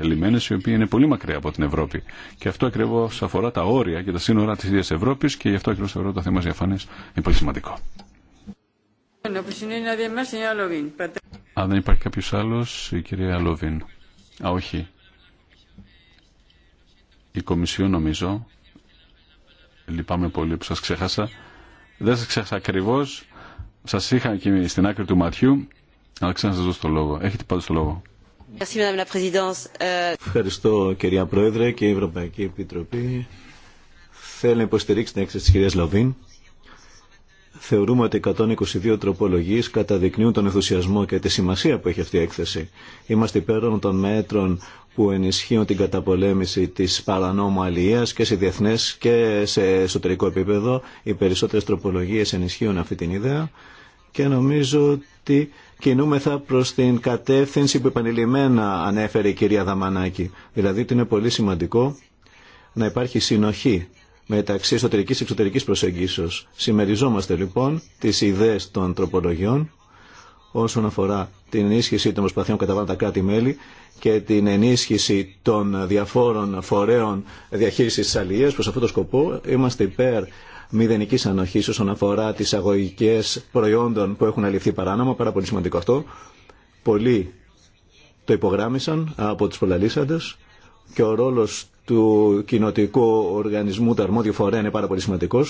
λιμένες οι οποίοι είναι πολύ μακριά από την Ευρώπη. Και αυτό ακριβώς αφορά τα όρια και τα σύνορα της ίδιας Ευρώπης και γι' αυτό ακριβώς θεωρώ το θέμα διαφάνειας είναι πολύ σημαντικό. Αν δεν υπάρχει κάποιο άλλο, η κυρία Λόβιν. Α, όχι. Η Κομισιό νομίζω, λυπάμαι πολύ που σας ξέχασα, δεν σα ξέχασα ακριβώ. Σας είχα και στην άκρη του ματιού, αλλά ξανά σα δώσω το λόγο. Έχετε πάντως το λόγο. Ε, Ευχαριστώ κυρία Πρόεδρε και η Ευρωπαϊκή Επιτροπή. Θέλω να υποστηρίξω την έκθεση τη κυρία Λαβίν. Θεωρούμε ότι 122 τροπολογίες καταδεικνύουν τον ενθουσιασμό και τη σημασία που έχει αυτή η έκθεση. Είμαστε υπέρ των μέτρων που ενισχύουν την καταπολέμηση της παρανόμου αλληλείας και σε διεθνές και σε εσωτερικό επίπεδο. Οι περισσότερες τροπολογίες ενισχύουν αυτή την ιδέα και νομίζω ότι κινούμεθα προς την κατεύθυνση που επανειλημμένα ανέφερε η κυρία Δαμανάκη. Δηλαδή ότι είναι πολύ σημαντικό να υπάρχει συνοχή μεταξύ εσωτερικής και εξωτερικής προσεγγίσεως. Συμμεριζόμαστε λοιπόν τις ιδέες των τροπολογιών όσον αφορά την ενίσχυση των προσπαθειών που καταβάλουν τα κράτη-μέλη και την ενίσχυση των διαφόρων φορέων διαχείριση τη αλληλεία. Προ αυτό το σκοπό είμαστε υπέρ μηδενική ανοχή όσον αφορά τι αγωγικέ προϊόντων που έχουν αληθεί παράνομα. Πάρα πολύ σημαντικό αυτό. Πολλοί το υπογράμμισαν από του προλαλήσαντε και ο ρόλο του κοινοτικού οργανισμού του αρμόδιου φορέα είναι πάρα πολύ σημαντικό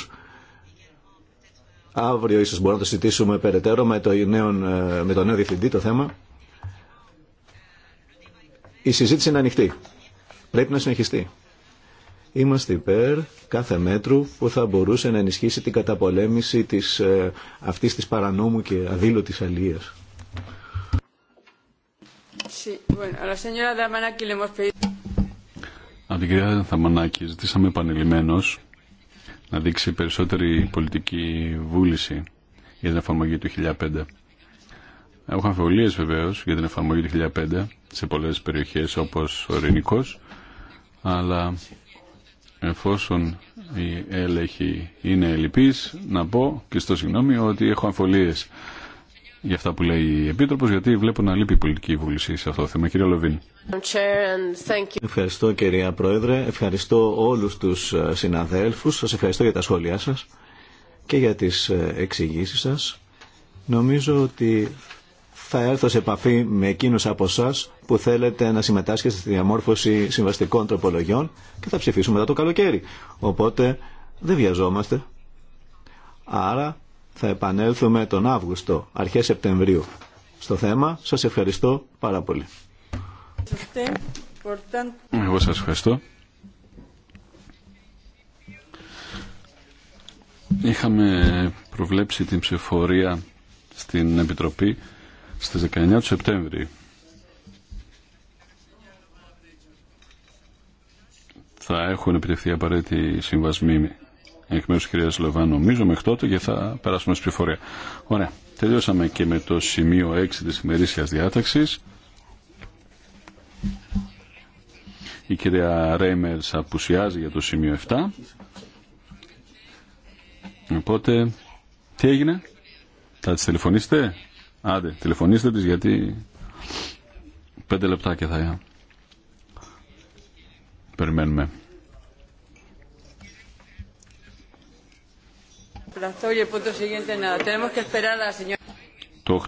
Αύριο ίσως μπορούμε να το συζητήσουμε περαιτέρω με, το νέο, ε, με τον νέο διευθυντή το θέμα. Η συζήτηση είναι ανοιχτή. Πρέπει να συνεχιστεί. Είμαστε υπέρ κάθε μέτρου που θα μπορούσε να ενισχύσει την καταπολέμηση της, ε, αυτής της παρανόμου και αδήλωτης αλίας. Από την κυρία Θαμανάκη ζητήσαμε επανειλημμένως να δείξει περισσότερη πολιτική βούληση για την εφαρμογή του 2005. Έχω αμφιβολίες βεβαίως για την εφαρμογή του 2005 σε πολλές περιοχές όπως ο Ρηνικός, αλλά εφόσον η έλεγχη είναι ελλειπής, να πω και στο συγγνώμη ότι έχω αμφιβολίες για αυτά που λέει η Επίτροπος, γιατί βλέπω να λείπει η πολιτική βούληση σε αυτό το θέμα. Κύριε Λοβίν. Ευχαριστώ κυρία Πρόεδρε, ευχαριστώ όλους τους ε, συναδέλφους, σας ευχαριστώ για τα σχόλιά σας και για τις ε, εξηγήσεις σας. Νομίζω ότι θα έρθω σε επαφή με εκείνους από εσά που θέλετε να συμμετάσχετε στη διαμόρφωση συμβαστικών τροπολογιών και θα ψηφίσουμε μετά το καλοκαίρι. Οπότε δεν βιαζόμαστε. Άρα θα επανέλθουμε τον Αύγουστο, αρχές Σεπτεμβρίου στο θέμα. Σας ευχαριστώ πάρα πολύ. Εγώ σας ευχαριστώ. Είχαμε προβλέψει την ψηφορία στην Επιτροπή στις 19 του Σεπτέμβρη. Θα έχουν επιτευχθεί απαραίτητοι συμβασμοί εκ μέρου τη κυρία Λεβά, νομίζω, μέχρι τότε και θα περάσουμε στην ψηφορία. Ωραία. Τελειώσαμε και με το σημείο 6 τη ημερήσια διάταξη. Η κυρία Ρέιμερ απουσιάζει για το σημείο 7. Οπότε, τι έγινε, θα τη τηλεφωνήσετε. Άντε, τηλεφωνήστε τη γιατί πέντε λεπτάκια θα περιμένουμε. Το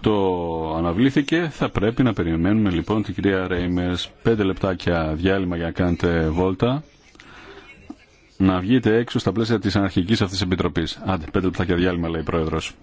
8 αναβλήθηκε, θα πρέπει να περιμένουμε λοιπόν την κυρία Ρέιμες 5 λεπτάκια διάλειμμα για να κάνετε βόλτα να βγείτε έξω στα πλαίσια της αναρχικής αυτής επιτροπής. Άντε, πέντε λεπτάκια διάλειμμα λέει η Πρόεδρος.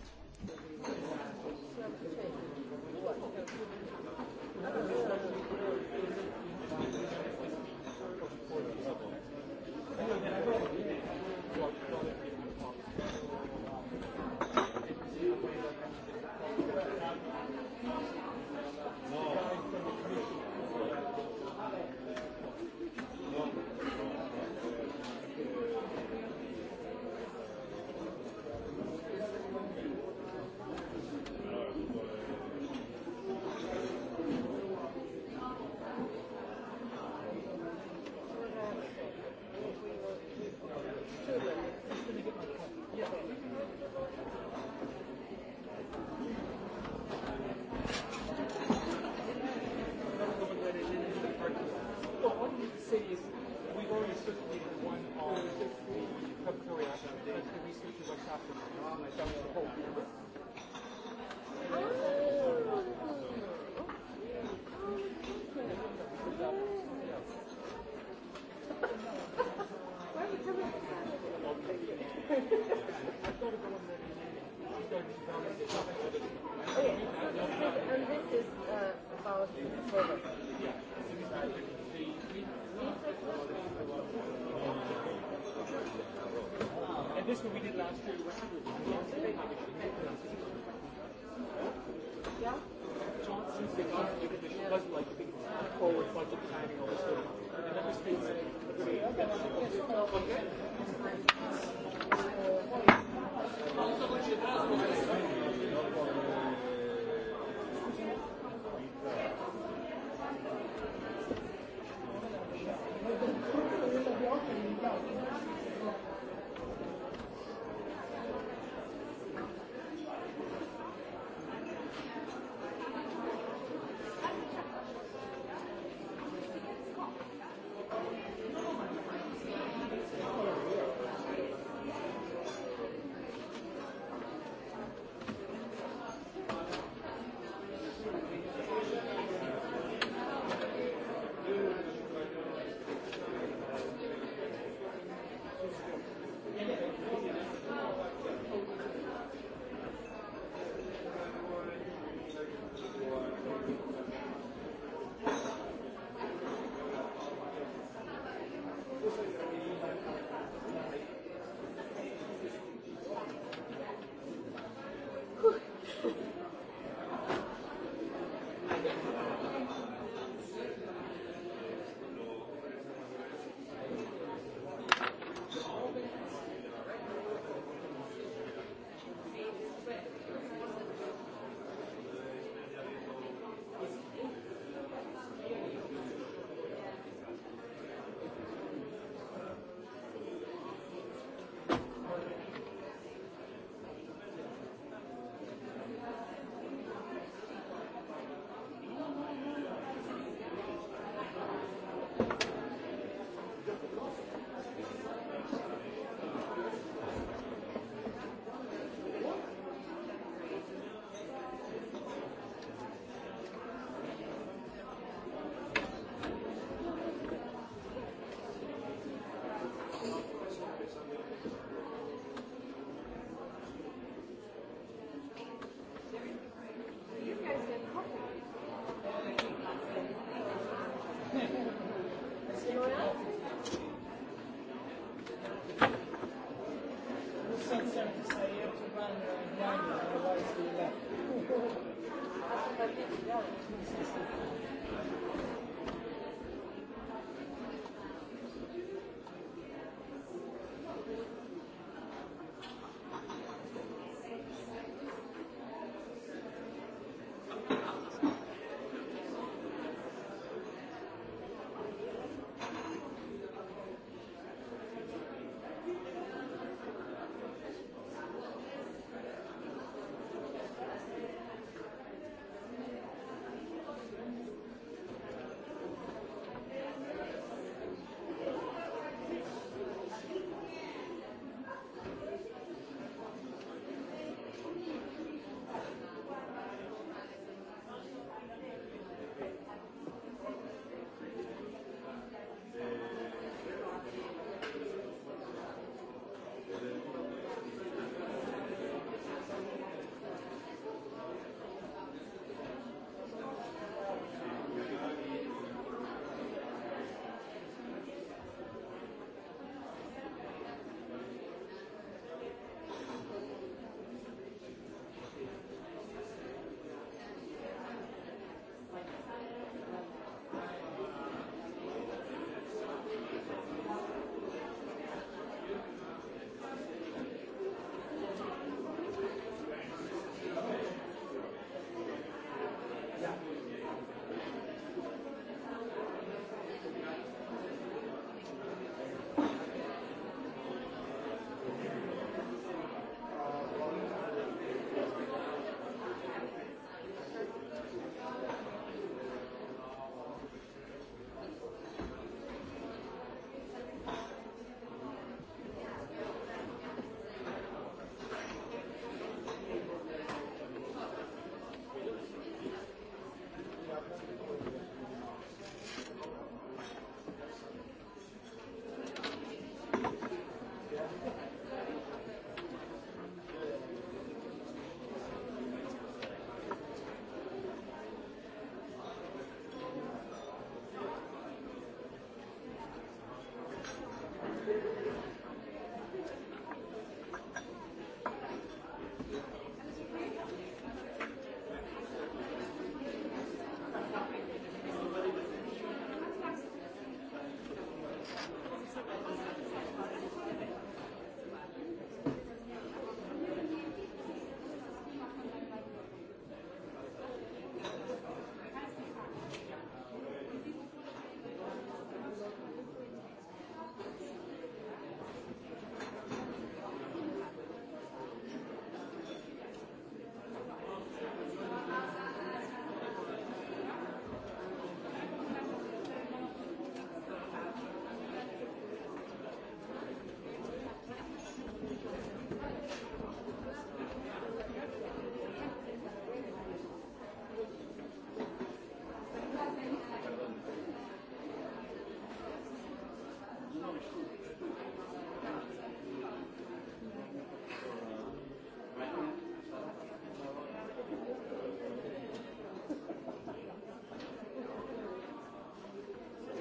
Thank you.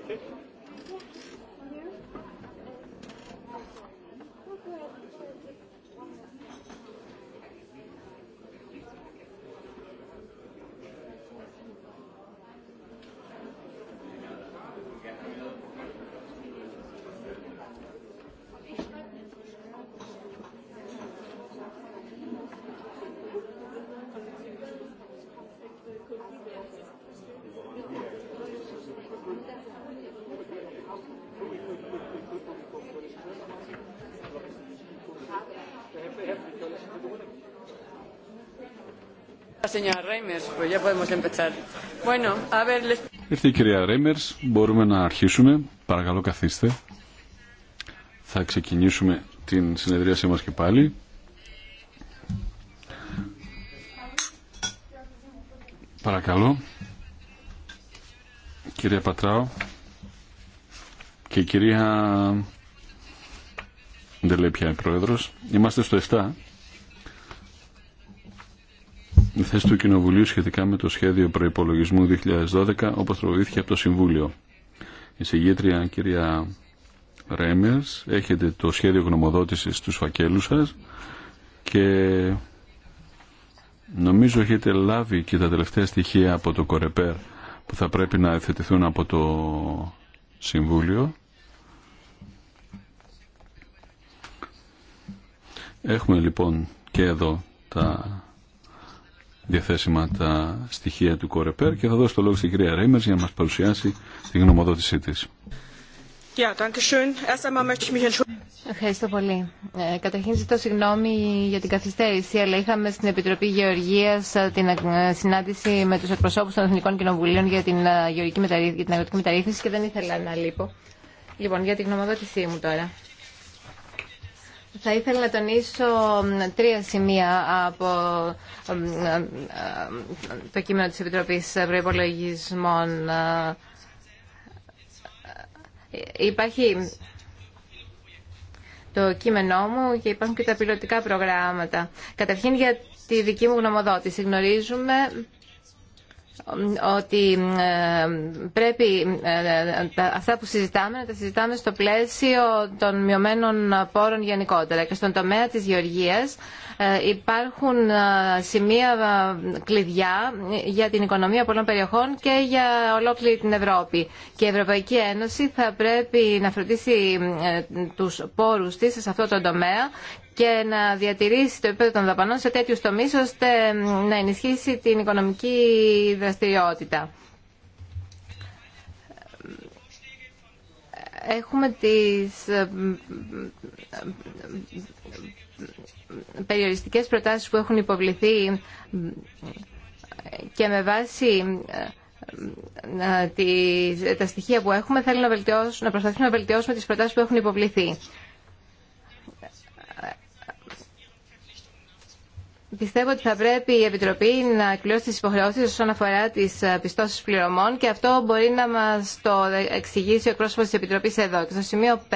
Okay. Ήρθε η κυρία Ρέιμερς, μπορούμε να αρχίσουμε. Παρακαλώ καθίστε. Θα ξεκινήσουμε την συνεδρίασή μας και πάλι. Παρακαλώ. Κυρία Πατράου και η κυρία... Δεν λέει η Πρόεδρος. Είμαστε στο 7 θέση του Κοινοβουλίου σχετικά με το σχέδιο προπολογισμού 2012 όπως τροποποιήθηκε από το Συμβούλιο. Η συγγήτρια κυρία Ρέμερ, έχετε το σχέδιο γνωμοδότησης στου φακέλου σα και νομίζω έχετε λάβει και τα τελευταία στοιχεία από το Κορεπέρ που θα πρέπει να εθετηθούν από το Συμβούλιο. Έχουμε λοιπόν και εδώ τα διαθέσιμα τα στοιχεία του Κορεπέρ και θα δώσω το λόγο στην κυρία Ρέιμερς για να μας παρουσιάσει τη γνωμοδότησή της. Ευχαριστώ πολύ. Ε, καταρχήν ζητώ συγγνώμη για την καθυστέρηση, αλλά είχαμε στην Επιτροπή Γεωργίας ε, την ε, συνάντηση με τους εκπροσώπους των Εθνικών Κοινοβουλίων για την, ε, γεωργική για την αγροτική μεταρρύθμιση και δεν ήθελα να λείπω. Λοιπόν, για την γνωμοδότησή μου τώρα. Θα ήθελα να τονίσω τρία σημεία από το κείμενο της Επιτροπής Προϋπολογισμών. Υπάρχει το κείμενό μου και υπάρχουν και τα πιλωτικά προγράμματα. Καταρχήν για τη δική μου γνωμοδότηση. Γνωρίζουμε ότι ε, πρέπει ε, αυτά που συζητάμε να τα συζητάμε στο πλαίσιο των μειωμένων πόρων γενικότερα. Και στον τομέα της γεωργίας ε, υπάρχουν σημεία κλειδιά για την οικονομία πολλών περιοχών και για ολόκληρη την Ευρώπη. Και η Ευρωπαϊκή Ένωση θα πρέπει να φροντίσει τους πόρους της σε αυτό το τομέα και να διατηρήσει το επίπεδο των δαπανών σε τέτοιους τομείς ώστε να ενισχύσει την οικονομική δραστηριότητα. Έχουμε τις ε, περιοριστικές προτάσεις που έχουν υποβληθεί και με βάση ε, ε, τα στοιχεία που έχουμε θέλουμε να, να προσπαθήσουμε να βελτιώσουμε τις προτάσεις που έχουν υποβληθεί. Πιστεύω ότι θα πρέπει η Επιτροπή να εκπληρώσει τις υποχρεώσεις όσον αφορά τις ε, πιστώσεις πληρωμών και αυτό μπορεί να μας το εξηγήσει ο εκπρόσωπος της Επιτροπής εδώ. Και στο σημείο 5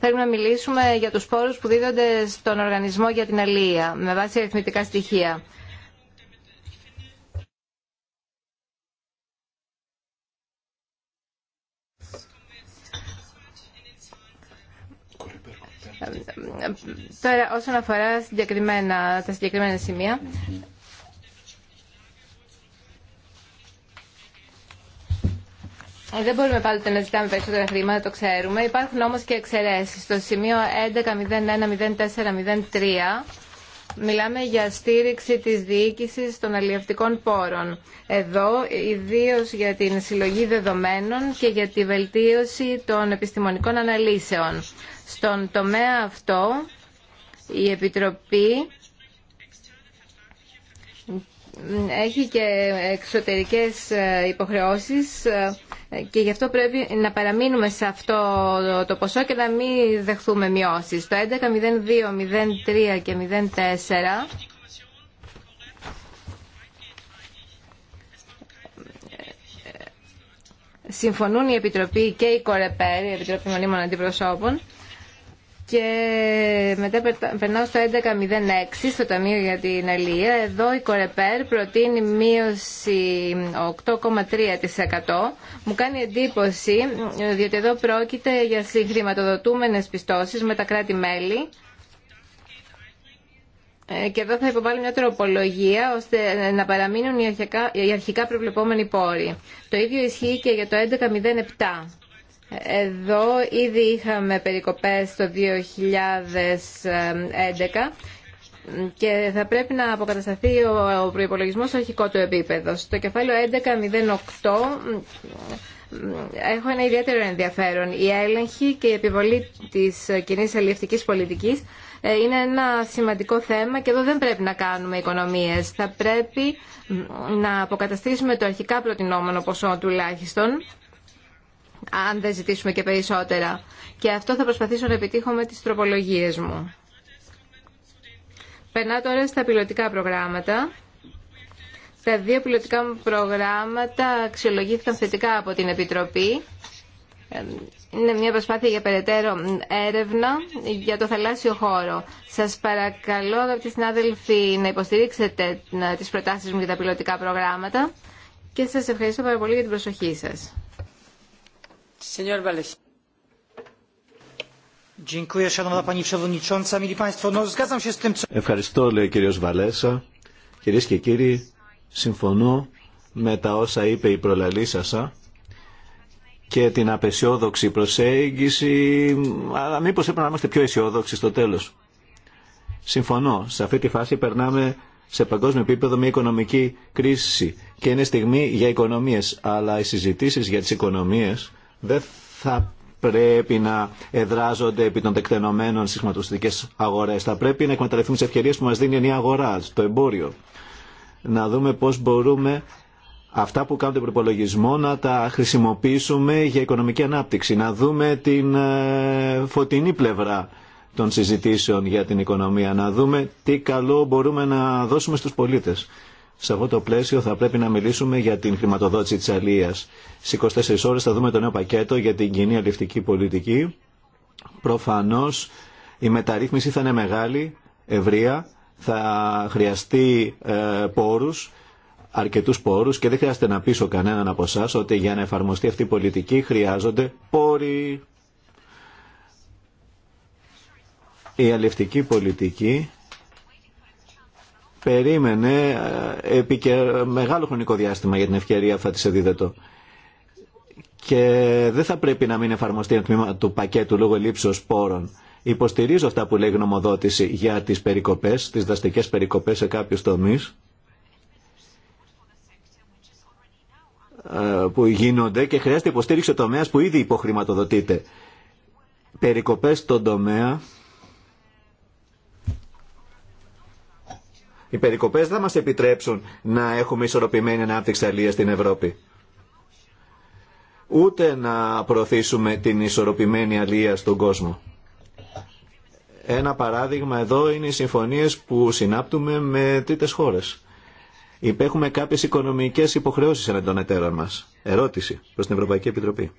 θέλουμε να μιλήσουμε για τους πόρους που δίδονται στον Οργανισμό για την Αλία με βάση αριθμητικά στοιχεία. Τώρα, όσον αφορά συγκεκριμένα, τα συγκεκριμένα σημεία, ε, Δεν μπορούμε πάντοτε να ζητάμε περισσότερα χρήματα, το ξέρουμε. Υπάρχουν όμως και εξαιρέσεις. Στο σημείο 11.01.04.03 Μιλάμε για στήριξη της διοίκησης των αλλιευτικών πόρων. Εδώ, ιδίω για την συλλογή δεδομένων και για τη βελτίωση των επιστημονικών αναλύσεων. Στον τομέα αυτό, η Επιτροπή έχει και εξωτερικές ε, υποχρεώσεις ε, και γι' αυτό πρέπει να παραμείνουμε σε αυτό το ποσό και να μην δεχθούμε μειώσεις. Το 11.02.03 και 04 ε, συμφωνούν η Επιτροπή και η Κορεπέρ, η Επιτροπή Μονίμων Αντιπροσώπων, και μετά περνάω στο 11.06 στο Ταμείο για την Αλία. Εδώ η Κορεπέρ προτείνει μείωση 8,3%. Μου κάνει εντύπωση, διότι εδώ πρόκειται για συγχρηματοδοτούμενες πιστώσεις με τα κράτη-μέλη. Ε, και εδώ θα υποβάλει μια τροπολογία ώστε να παραμείνουν οι αρχικά, οι αρχικά προβλεπόμενοι πόροι. Το ίδιο ισχύει και για το 11.07. Εδώ ήδη είχαμε περικοπές το 2011 και θα πρέπει να αποκατασταθεί ο προϋπολογισμός στο αρχικό του επίπεδο. Στο κεφάλαιο 11.08 έχω ένα ιδιαίτερο ενδιαφέρον. Η έλεγχη και η επιβολή της κοινή αλληλευτικής πολιτικής ε, είναι ένα σημαντικό θέμα και εδώ δεν πρέπει να κάνουμε οικονομίες. Θα πρέπει να αποκαταστήσουμε το αρχικά προτινόμενο ποσό τουλάχιστον αν δεν ζητήσουμε και περισσότερα. Και αυτό θα προσπαθήσω να επιτύχω με τις τροπολογίες μου. Περνάω τώρα στα πιλωτικά προγράμματα. Τα δύο πιλωτικά προγράμματα αξιολογήθηκαν θετικά από την Επιτροπή. Είναι μια προσπάθεια για περαιτέρω έρευνα για το θαλάσσιο χώρο. Σας παρακαλώ, αγαπητοί συνάδελφοι, να υποστηρίξετε ε, τις προτάσεις μου για τα πιλωτικά προγράμματα και σας ευχαριστώ πάρα πολύ για την προσοχή σας. Ευχαριστώ, λέει ο κύριος Βαλέσα. Κυρίες και κύριοι, συμφωνώ με τα όσα είπε η προλαλήσασα και την απεσιόδοξη προσέγγιση, αλλά μήπως έπρεπε να είμαστε πιο αισιόδοξοι στο τέλος. Συμφωνώ, σε αυτή τη φάση περνάμε σε παγκόσμιο επίπεδο μια οικονομική κρίση και είναι στιγμή για οικονομίες, αλλά οι συζητήσεις για τις οικονομίες δεν θα πρέπει να εδράζονται επί των τεκτενωμένων στι αγορέ. Θα πρέπει να εκμεταλλευτούμε τι ευκαιρίες που μας δίνει η αγορά, το εμπόριο. Να δούμε πώς μπορούμε αυτά που κάνουν τον προπολογισμό να τα χρησιμοποιήσουμε για οικονομική ανάπτυξη. Να δούμε την ε, φωτεινή πλευρά των συζητήσεων για την οικονομία. Να δούμε τι καλό μπορούμε να δώσουμε στους πολίτες. Σε αυτό το πλαίσιο θα πρέπει να μιλήσουμε για την χρηματοδότηση της αλίας. Στις 24 ώρες θα δούμε το νέο πακέτο για την κοινή αλληλευτική πολιτική. Προφανώς η μεταρρύθμιση θα είναι μεγάλη, ευρεία, θα χρειαστεί ε, πόρους, αρκετούς πόρους και δεν χρειάζεται να πείσω κανέναν από εσά ότι για να εφαρμοστεί αυτή η πολιτική χρειάζονται πόροι. Η αλληλευτική πολιτική περίμενε ε, επί και μεγάλο χρονικό διάστημα για την ευκαιρία αυτή θα δίδετο. εδίδετο. Και δεν θα πρέπει να μην εφαρμοστεί ένα τμήμα του πακέτου λόγω λήψεω πόρων. Υποστηρίζω αυτά που λέει η γνωμοδότηση για τις περικοπές, τις δαστικές περικοπές σε κάποιου τομείς ε, που γίνονται και χρειάζεται υποστήριξη ο τομέας που ήδη υποχρηματοδοτείται. Περικοπές στον τομέα Οι περικοπέ δεν θα μας επιτρέψουν να έχουμε ισορροπημένη ανάπτυξη αλληλεία στην Ευρώπη. Ούτε να προωθήσουμε την ισορροπημένη αλληλεία στον κόσμο. Ένα παράδειγμα εδώ είναι οι συμφωνίε που συνάπτουμε με τρίτε χώρε. Υπέχουμε κάποιε οικονομικέ υποχρεώσει εναντίον των εταίρων μα. Ερώτηση προ την Ευρωπαϊκή Επιτροπή.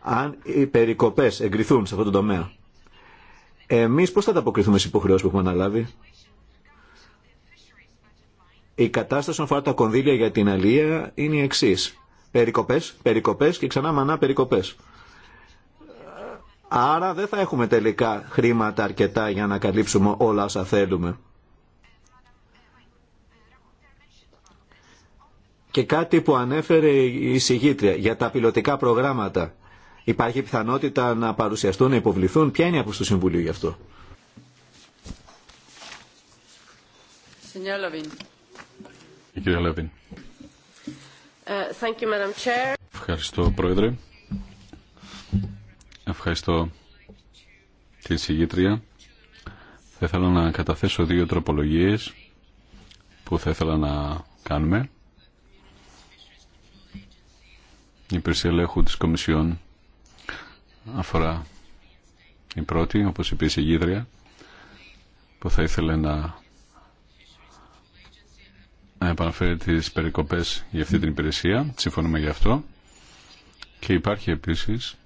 Αν οι περικοπέ εγκριθούν σε αυτό το τομέα, εμεί πώ θα ανταποκριθούμε στι υποχρεώσει που έχουμε αναλάβει. Η κατάσταση αφορά τα κονδύλια για την αλία είναι η εξή. Περικοπέ, περικοπέ και ξανά μανά περικοπέ. Άρα δεν θα έχουμε τελικά χρήματα αρκετά για να καλύψουμε όλα όσα θέλουμε. Και κάτι που ανέφερε η συγγήτρια για τα πιλωτικά προγράμματα. Υπάρχει πιθανότητα να παρουσιαστούν, να υποβληθούν. Ποια είναι η άποψη του Συμβουλίου γι' αυτό. Ε, Ευχαριστώ, Πρόεδρε. Ευχαριστώ την συγγήτρια. Θα ήθελα να καταθέσω δύο τροπολογίες που θα ήθελα να κάνουμε. Η υπηρεσία ελέγχου της Κομισιόν αφορά η πρώτη, όπως είπε η συγγήτρια, που θα ήθελε να επαναφέρει τις περικοπές για αυτή την υπηρεσία. Συμφωνούμε γι' αυτό. Και υπάρχει επίσης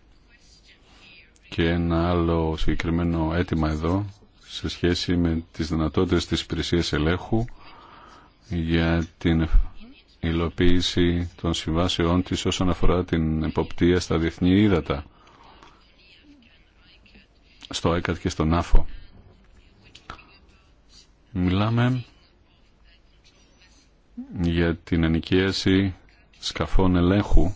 και ένα άλλο συγκεκριμένο αίτημα εδώ σε σχέση με τις δυνατότητες της Υπηρεσία ελέγχου για την υλοποίηση των συμβάσεών της όσον αφορά την εποπτεία στα διεθνή ύδατα στο ΕΚΑΤ και στον ΝΑΦΟ. Μιλάμε για την ενοικίαση σκαφών ελέγχου.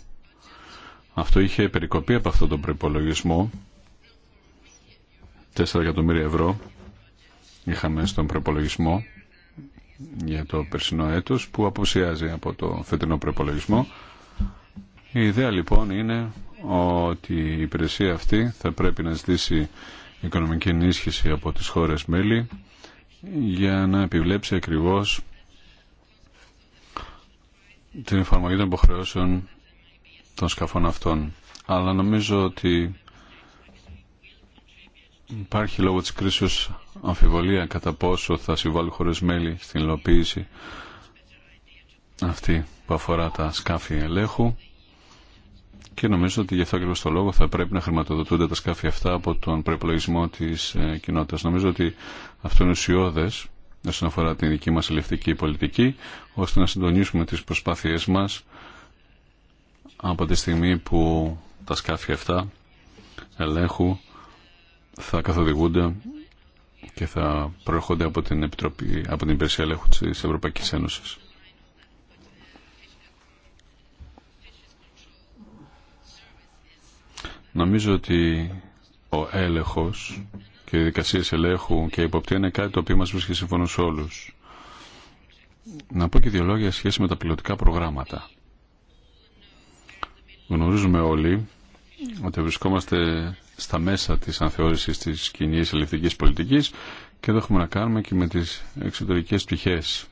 Αυτό είχε περικοπεί από αυτό τον προπολογισμό. 4 εκατομμύρια ευρώ είχαμε στον προπολογισμό για το περσινό έτος που αποουσιάζει από το φετινό προπολογισμό. Η ιδέα λοιπόν είναι ότι η υπηρεσία αυτή θα πρέπει να ζητήσει οικονομική ενίσχυση από τις χώρες μέλη για να επιβλέψει ακριβώς την εφαρμογή των υποχρεώσεων των σκαφών αυτών. Αλλά νομίζω ότι υπάρχει λόγω της κρίσης αμφιβολία κατά πόσο θα συμβάλλουν χωρίς μέλη στην υλοποίηση αυτή που αφορά τα σκάφη ελέγχου και νομίζω ότι γι' αυτό ακριβώ το λόγο θα πρέπει να χρηματοδοτούνται τα σκάφη αυτά από τον προπολογισμό της ε, κοινότητας. Νομίζω ότι αυτό είναι ουσιώδε όσον αφορά την δική μας ελευτική πολιτική, ώστε να συντονίσουμε τις προσπάθειές μας από τη στιγμή που τα σκάφια αυτά ελέγχου θα καθοδηγούνται και θα προερχόνται από την, Επιτροπή, από την υπηρεσία ελέγχου της Ευρωπαϊκής Ένωσης. Νομίζω ότι ο έλεγχος και οι δικασίε ελέγχου και υποπτία είναι κάτι το οποίο μα βρίσκει σύμφωνο σε όλου. Να πω και δύο λόγια σχέση με τα πιλωτικά προγράμματα. Γνωρίζουμε όλοι ότι βρισκόμαστε στα μέσα της ανθεώρησης της κοινή ελευθερικής πολιτικής και εδώ έχουμε να κάνουμε και με τις εξωτερικές πτυχές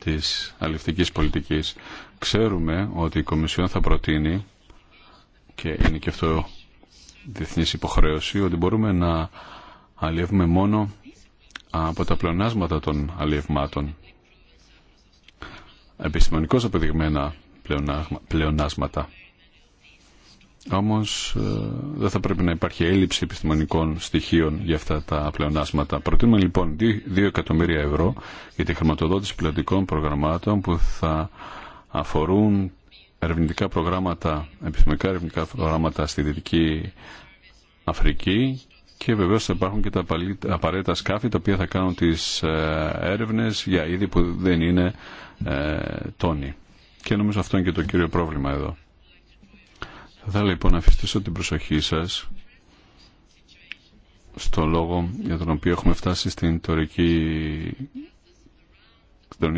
της αληθικής πολιτικής. Ξέρουμε ότι η Κομισιόν θα προτείνει και είναι και αυτό διεθνής υποχρέωση ότι μπορούμε να αλλιεύουμε μόνο από τα πλεονάσματα των αλλιευμάτων. Επιστημονικώς αποδειγμένα πλεονάσματα. Όμως ε, δεν θα πρέπει να υπάρχει έλλειψη επιστημονικών στοιχείων για αυτά τα πλεονάσματα. Προτείνουμε λοιπόν 2 εκατομμύρια ευρώ για τη χρηματοδότηση πλεοντικών προγραμμάτων που θα αφορούν ερευνητικά προγράμματα, επιστημονικά ερευνητικά προγράμματα στη Δυτική Αφρική και βεβαίως θα υπάρχουν και τα απαραίτητα σκάφη τα οποία θα κάνουν τις ε, έρευνες για είδη που δεν είναι ε, τόνοι. Και νομίζω αυτό είναι και το κύριο πρόβλημα εδώ. Θα ήθελα λοιπόν να αφιστήσω την προσοχή σας στο λόγο για τον οποίο έχουμε φτάσει στην τωρική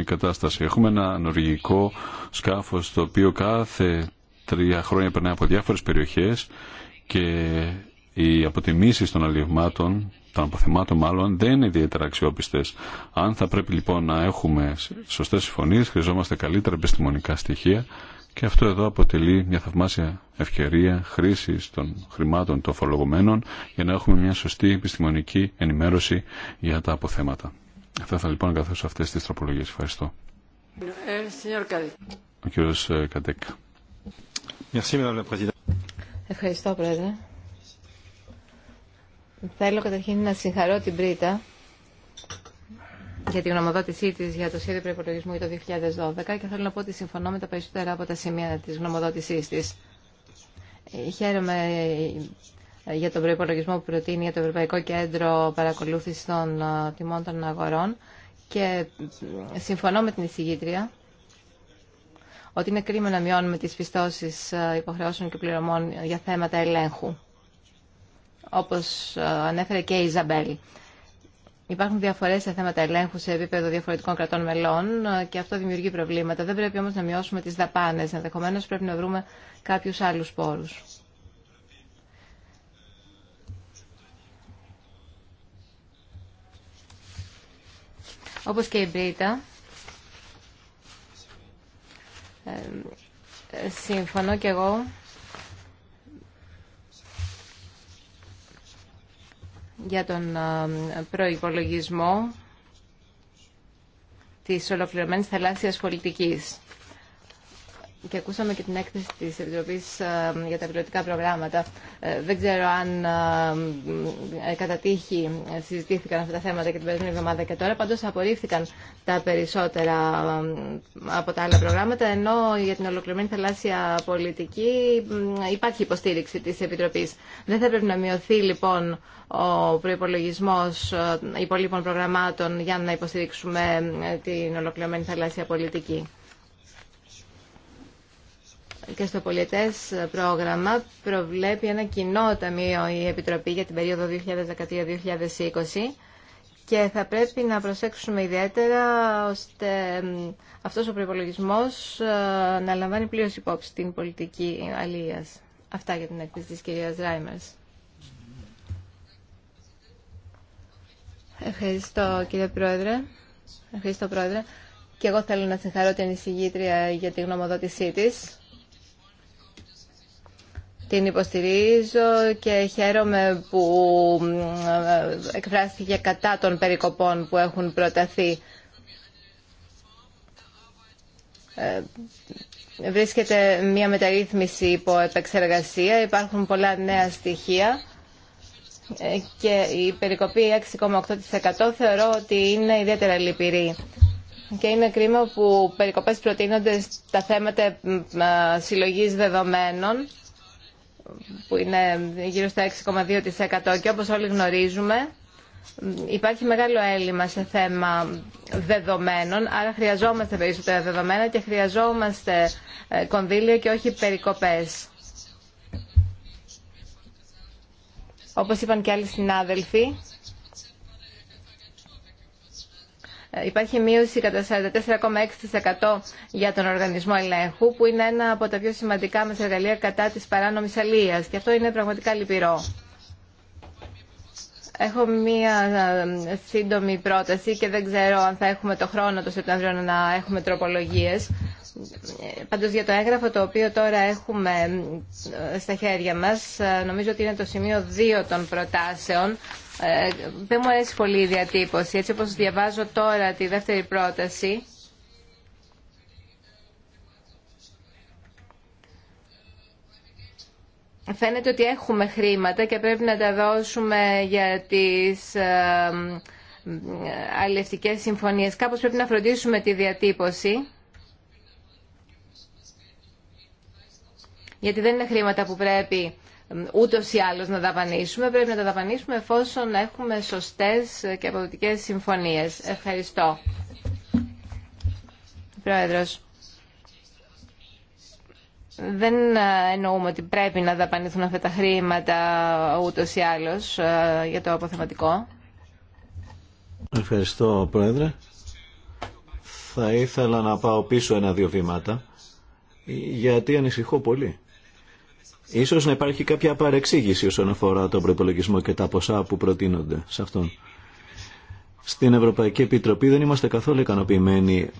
κατάσταση. Έχουμε ένα νορυγικό σκάφος το οποίο κάθε τρία χρόνια περνάει από διάφορες περιοχές και οι αποτιμήσεις των αλλιευμάτων, των αποθεμάτων μάλλον, δεν είναι ιδιαίτερα αξιόπιστες. Αν θα πρέπει λοιπόν να έχουμε σωστές συμφωνίες, χρειαζόμαστε καλύτερα επιστημονικά στοιχεία και αυτό εδώ αποτελεί μια θαυμάσια ευκαιρία χρήσης των χρημάτων των φορολογουμένων για να έχουμε μια σωστή επιστημονική ενημέρωση για τα αποθέματα. Αυτά θα λοιπόν καθέσω αυτές τις τροπολογίες. Ευχαριστώ. Ο κύριος ε, Κατέκ. Ευχαριστώ, Πρόεδρε. Θέλω καταρχήν να συγχαρώ την Πρίτα για τη γνωμοδότησή τη για το σχέδιο προπολογισμού για το 2012 και θέλω να πω ότι συμφωνώ με τα περισσότερα από τα σημεία τη γνωμοδότησή τη. Ε, χαίρομαι ε, για τον προπολογισμό που προτείνει για το Ευρωπαϊκό Κέντρο Παρακολούθηση των ε, Τιμών των Αγορών και συμφωνώ με την εισηγήτρια ότι είναι κρίμα να μειώνουμε τις πιστώσεις υποχρεώσεων και πληρωμών για θέματα ελέγχου όπως ε, ανέφερε και η Ιζαμπέλ. Υπάρχουν διαφορές σε θέματα ελέγχου σε επίπεδο διαφορετικών κρατών μελών ε, και αυτό δημιουργεί προβλήματα. Δεν πρέπει όμως να μειώσουμε τις δαπάνες. Ενδεχομένω πρέπει να βρούμε κάποιους άλλους πόρους. Όπως και η Μπρίτα, ε, συμφωνώ και εγώ για τον ε, προϋπολογισμό της ολοκληρωμένης θαλάσσιας πολιτικής και ακούσαμε και την έκθεση της Επιτροπής ε, για τα πιλωτικά προγράμματα. Ε, δεν ξέρω αν ε, κατά τύχη συζητήθηκαν αυτά τα θέματα και την περασμένη εβδομάδα και τώρα. Πάντως απορρίφθηκαν τα περισσότερα από τα άλλα προγράμματα, ενώ για την ολοκληρωμένη θαλάσσια πολιτική υπάρχει υποστήριξη της Επιτροπής. Δεν θα πρέπει να μειωθεί λοιπόν ο προϋπολογισμός υπολείπων προγραμμάτων για να υποστηρίξουμε την ολοκληρωμένη θαλάσσια πολιτική και στο πολιτές πρόγραμμα προβλέπει ένα κοινό ταμείο η Επιτροπή για την περίοδο 2013-2020 και θα πρέπει να προσέξουμε ιδιαίτερα ώστε αυτός ο προϋπολογισμός ε, να λαμβάνει πλήρως υπόψη την πολιτική αλίας. Αυτά για την έκθεση της κυρίας Ράιμερς. Ευχαριστώ κύριε Πρόεδρε. Ευχαριστώ Πρόεδρε. Και εγώ θέλω να συγχαρώ την εισηγήτρια για τη γνωμοδότησή της την υποστηρίζω και χαίρομαι που ε, εκφράστηκε κατά των περικοπών που έχουν προταθεί. Ε, βρίσκεται μια μεταρρύθμιση υπό επεξεργασία, υπάρχουν πολλά νέα στοιχεία ε, και η περικοπή 6,8% θεωρώ ότι είναι ιδιαίτερα λυπηρή. Και είναι κρίμα που περικοπές προτείνονται στα θέματα συλλογής δεδομένων που είναι γύρω στα 6,2% και όπως όλοι γνωρίζουμε υπάρχει μεγάλο έλλειμμα σε θέμα δεδομένων, άρα χρειαζόμαστε περισσότερα δεδομένα και χρειαζόμαστε ε, κονδύλια και όχι περικοπές. Όπως είπαν και άλλοι συνάδελφοι, υπάρχει μείωση κατά 44,6% για τον οργανισμό ελέγχου, που είναι ένα από τα πιο σημαντικά μας εργαλεία κατά τη παράνομη αλίας. Και αυτό είναι πραγματικά λυπηρό. Έχω μία ε, σύντομη πρόταση και δεν ξέρω αν θα έχουμε το χρόνο το Σεπτεμβρίο να έχουμε τροπολογίες. Πάντως για το έγγραφο το οποίο τώρα έχουμε ε, στα χέρια μας, ε, νομίζω ότι είναι το σημείο 2 των προτάσεων. Ε, δεν μου αρέσει πολύ η διατύπωση. Έτσι όπως διαβάζω τώρα τη δεύτερη πρόταση, φαίνεται ότι έχουμε χρήματα και πρέπει να τα δώσουμε για τις αλληλευτικές συμφωνίες. Κάπως πρέπει να φροντίσουμε τη διατύπωση γιατί δεν είναι χρήματα που πρέπει ούτω ή άλλω να δαπανίσουμε. Πρέπει να τα δαπανίσουμε εφόσον έχουμε σωστέ και αποδοτικέ συμφωνίε. Ευχαριστώ. Πρόεδρος. Δεν ε, εννοούμε ότι πρέπει να δαπανηθούν αυτά τα χρήματα ούτω ή άλλω ε, για το αποθεματικό. Ευχαριστώ, Πρόεδρε. Θα ήθελα να πάω πίσω ένα-δύο βήματα, γιατί ανησυχώ πολύ. Ίσως να υπάρχει κάποια παρεξήγηση όσον αφορά τον προπολογισμό και τα ποσά που προτείνονται σε αυτόν. Στην Ευρωπαϊκή Επιτροπή δεν είμαστε καθόλου ικανοποιημένοι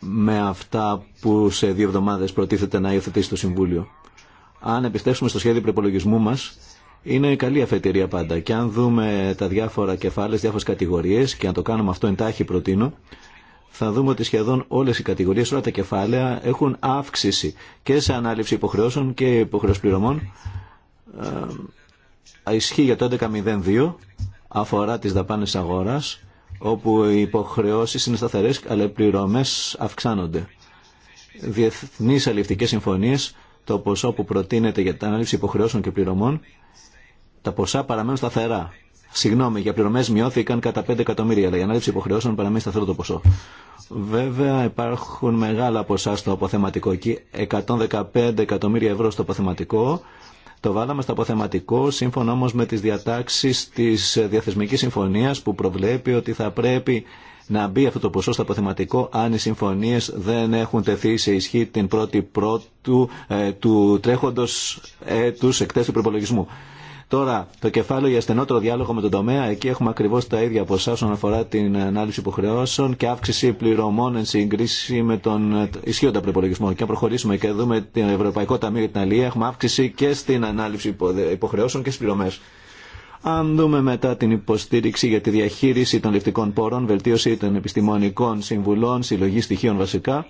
με αυτά που σε δύο εβδομάδες προτίθεται να υιοθετήσει το Συμβούλιο. Αν επιστρέψουμε στο σχέδιο προπολογισμού μας, είναι καλή αφετηρία πάντα. Και αν δούμε τα διάφορα κεφάλαια, διάφορε κατηγορίε, και αν το κάνουμε αυτό εντάχει προτείνω, θα δούμε ότι σχεδόν όλες οι κατηγορίες, όλα τα κεφάλαια έχουν αύξηση και σε ανάληψη υποχρεώσεων και υποχρεώσεων πληρωμών. Ε, ισχύει για το 11.02 αφορά τις δαπάνες αγοράς όπου οι υποχρεώσεις είναι σταθερές αλλά οι πληρωμές αυξάνονται. Διεθνείς αληφτικές συμφωνίες το ποσό που προτείνεται για την ανάληψη υποχρεώσεων και πληρωμών τα ποσά παραμένουν σταθερά Συγγνώμη, για πληρωμέ μειώθηκαν κατά 5 εκατομμύρια, αλλά η ανάληψη υποχρεώσεων παραμένει σταθερό το ποσό. Βέβαια, υπάρχουν μεγάλα ποσά στο αποθεματικό εκεί. 115 εκατομμύρια ευρώ στο αποθεματικό. Το βάλαμε στο αποθεματικό, σύμφωνα όμω με τι διατάξει τη διαθεσμική συμφωνία που προβλέπει ότι θα πρέπει να μπει αυτό το ποσό στο αποθεματικό αν οι συμφωνίε δεν έχουν τεθεί σε ισχύ την πρώτη η Πρώτου ε, του τρέχοντο έτου εκτέ του προπολογισμού. Τώρα, το κεφάλαιο για στενότερο διάλογο με τον τομέα, εκεί έχουμε ακριβώ τα ίδια από όσον αφορά την ανάλυση υποχρεώσεων και αύξηση πληρωμών εν συγκρίση με τον ε, ισχύοντα προπολογισμό. Και αν προχωρήσουμε και δούμε την Ευρωπαϊκό Ταμείο για την Αλία, έχουμε αύξηση και στην ανάλυση υποχρεώσεων και στι πληρωμέ. Αν δούμε μετά την υποστήριξη για τη διαχείριση των ληφτικών πόρων, βελτίωση των επιστημονικών συμβουλών, συλλογή στοιχείων βασικά,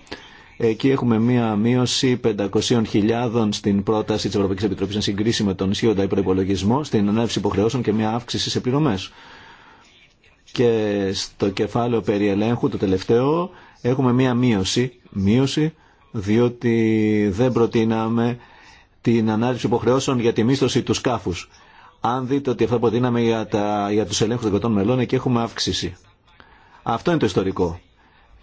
Εκεί έχουμε μία μείωση 500.000 στην πρόταση τη Ευρωπαϊκή Επιτροπή να συγκρίσει με τον ισχύοντα υπολογισμό στην ανάλυση υποχρεώσεων και μία αύξηση σε πληρωμέ. Και στο κεφάλαιο περί ελέγχου, το τελευταίο, έχουμε μία μείωση, μείωση διότι δεν προτείναμε την ανάλυση υποχρεώσεων για τη μίσθωση του σκάφου. Αν δείτε ότι αυτά που για, τα, για τους ελέγχους των μελών, εκεί έχουμε αύξηση. Αυτό είναι το ιστορικό.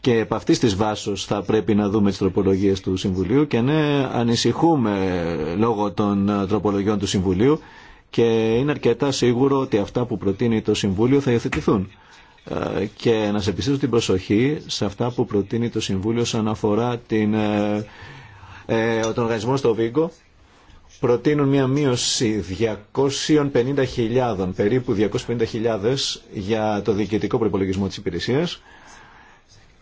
Και από αυτή τη βάσεω θα πρέπει να δούμε τι τροπολογίε του Συμβουλίου και ναι, ανησυχούμε λόγω των ε, τροπολογιών του Συμβουλίου και είναι αρκετά σίγουρο ότι αυτά που προτείνει το Συμβούλιο θα υιοθετηθούν. Ε, και να σε επιστήσω την προσοχή σε αυτά που προτείνει το Συμβούλιο σαν αφορά την, ε, ε, τον οργανισμό στο Βίγκο. Προτείνουν μια μείωση 250.000, περίπου 250.000 για το διοικητικό προπολογισμό της υπηρεσίας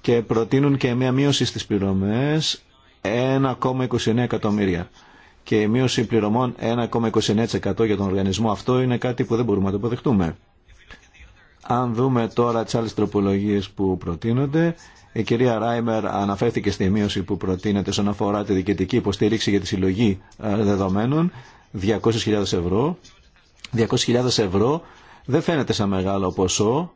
και προτείνουν και μια μείωση στις πληρωμές 1,29 εκατομμύρια και η μείωση πληρωμών 1,29% για τον οργανισμό. Αυτό είναι κάτι που δεν μπορούμε να το αποδεχτούμε. Αν δούμε τώρα τις άλλες τροπολογίες που προτείνονται, η κυρία Ράιμερ αναφέρθηκε στη μείωση που προτείνεται σε αφορά τη διοικητική υποστήριξη για τη συλλογή ε, δεδομένων, 200.000 ευρώ. 200.000 ευρώ δεν φαίνεται σαν μεγάλο ποσό,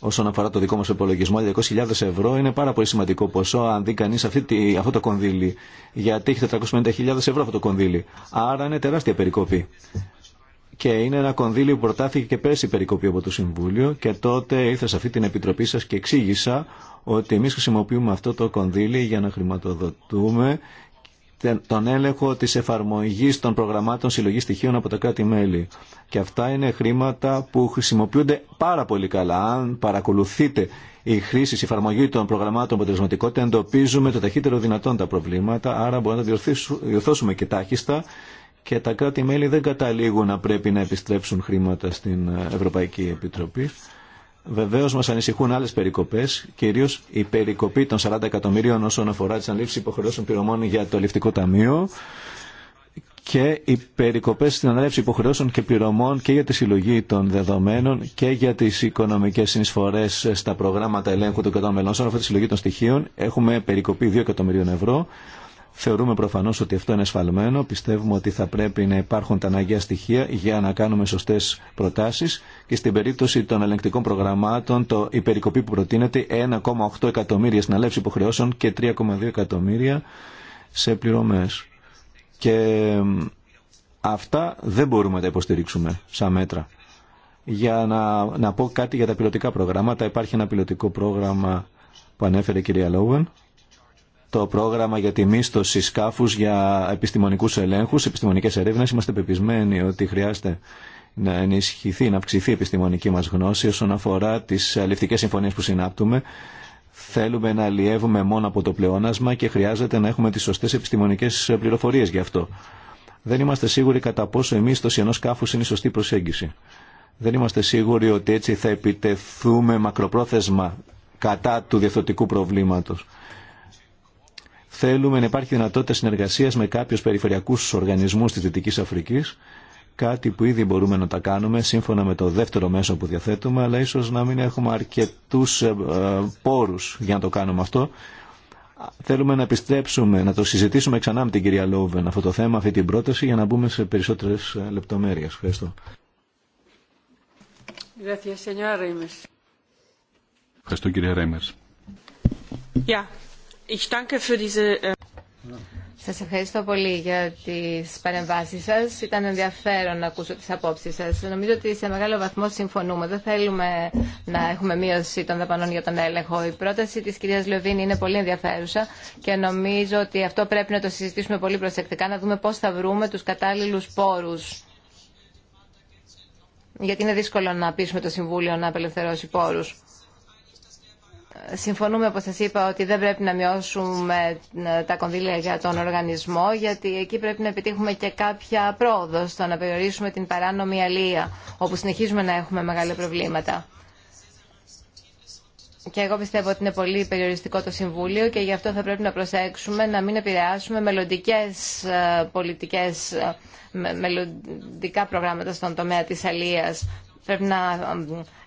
όσον αφορά το δικό μας υπολογισμό. 200.000 ευρώ είναι πάρα πολύ σημαντικό ποσό αν δει κανείς αυτή τη, αυτό το κονδύλι. Γιατί έχει 450.000 ευρώ αυτό το κονδύλι. Άρα είναι τεράστια περικοπή. Και είναι ένα κονδύλι που προτάθηκε και πέρσι περικοπή από το Συμβούλιο και τότε ήρθα σε αυτή την επιτροπή σας και εξήγησα ότι εμείς χρησιμοποιούμε αυτό το κονδύλι για να χρηματοδοτούμε τον έλεγχο της εφαρμογής των προγραμμάτων συλλογής στοιχείων από τα κράτη-μέλη. Και αυτά είναι χρήματα που χρησιμοποιούνται πάρα πολύ καλά. Αν παρακολουθείτε η χρήση, η εφαρμογή των προγραμμάτων αποτελεσματικότητα, εντοπίζουμε το ταχύτερο δυνατόν τα προβλήματα, άρα μπορούμε να τα διορθώσουμε και τάχιστα και τα κράτη-μέλη δεν καταλήγουν να πρέπει να επιστρέψουν χρήματα στην ε, Ευρωπαϊκή Επιτροπή. Βεβαίω μα ανησυχούν άλλε περικοπέ, κυρίω η περικοπή των 40 εκατομμυρίων όσον αφορά τι ανλήψει υποχρεώσεων πληρωμών για το ληφτικό ταμείο και οι περικοπές στην ανάληψη υποχρεώσεων και πληρωμών και για τη συλλογή των δεδομένων και για τις οικονομικές συνεισφορές στα προγράμματα ελέγχου των κρατών μελών. Σε τη συλλογή των στοιχείων έχουμε περικοπή 2 εκατομμυρίων ευρώ Θεωρούμε προφανώ ότι αυτό είναι ασφαλμένο. Πιστεύουμε ότι θα πρέπει να υπάρχουν τα αναγκαία στοιχεία για να κάνουμε σωστέ προτάσει και στην περίπτωση των ελεγκτικών προγραμμάτων το, η περικοπή που προτείνεται 1,8 εκατομμύρια στην αλεύση υποχρεώσεων και 3,2 εκατομμύρια σε πληρωμέ. Και αυτά δεν μπορούμε να τα υποστηρίξουμε σαν μέτρα. Για να, να πω κάτι για τα πιλωτικά προγράμματα. Υπάρχει ένα πιλωτικό πρόγραμμα που ανέφερε η κυρία Λόουεν το πρόγραμμα για τη μίσθωση σκάφους για επιστημονικούς ελέγχους, επιστημονικές ερεύνες. Είμαστε πεπισμένοι ότι χρειάζεται να ενισχυθεί, να αυξηθεί η επιστημονική μας γνώση όσον αφορά τις αληφτικές συμφωνίες που συνάπτουμε. Θέλουμε να αλλιεύουμε μόνο από το πλεόνασμα και χρειάζεται να έχουμε τις σωστές επιστημονικές πληροφορίες γι' αυτό. Δεν είμαστε σίγουροι κατά πόσο η μίσθωση ενός σκάφους είναι η σωστή προσέγγιση. Δεν είμαστε σίγουροι ότι έτσι θα επιτεθούμε μακροπρόθεσμα κατά του διαθωτικού προβλήματος. Θέλουμε να υπάρχει δυνατότητα συνεργασίας με κάποιους περιφερειακούς οργανισμούς της Δυτικής Αφρικής, κάτι που ήδη μπορούμε να τα κάνουμε σύμφωνα με το δεύτερο μέσο που διαθέτουμε, αλλά ίσως να μην έχουμε αρκετούς ε, πόρους για να το κάνουμε αυτό. Θέλουμε να επιστρέψουμε, να το συζητήσουμε ξανά με την κυρία Λόβεν αυτό το θέμα, αυτή την πρόταση, για να μπούμε σε περισσότερες ε, λεπτομέρειες. Ευχαριστώ. Ευχαριστώ κύριε Yeah. Äh, σας ευχαριστώ πολύ για τις παρεμβάσεις σας. Ήταν ενδιαφέρον να ακούσω τις απόψεις σας. Νομίζω ότι σε μεγάλο βαθμό συμφωνούμε. Δεν θέλουμε να έχουμε μείωση των δαπανών για τον έλεγχο. Η πρόταση της κυρίας Λεωβίνη είναι πολύ ενδιαφέρουσα και νομίζω ότι αυτό πρέπει να το συζητήσουμε πολύ προσεκτικά, να δούμε πώς θα βρούμε τους κατάλληλους πόρους. Γιατί είναι δύσκολο να πείσουμε το Συμβούλιο να απελευθερώσει πόρους συμφωνούμε, όπως σας είπα, ότι δεν πρέπει να μειώσουμε ε, τα κονδύλια για τον οργανισμό, γιατί εκεί πρέπει να επιτύχουμε και κάποια πρόοδο στο να περιορίσουμε την παράνομη αλία, όπου συνεχίζουμε να έχουμε μεγάλα προβλήματα. Και εγώ πιστεύω ότι είναι πολύ περιοριστικό το Συμβούλιο και γι' αυτό θα πρέπει να προσέξουμε να μην επηρεάσουμε μελλοντικέ ε, πολιτικές, ε, μελλοντικά προγράμματα στον τομέα της αλίας Πρέπει να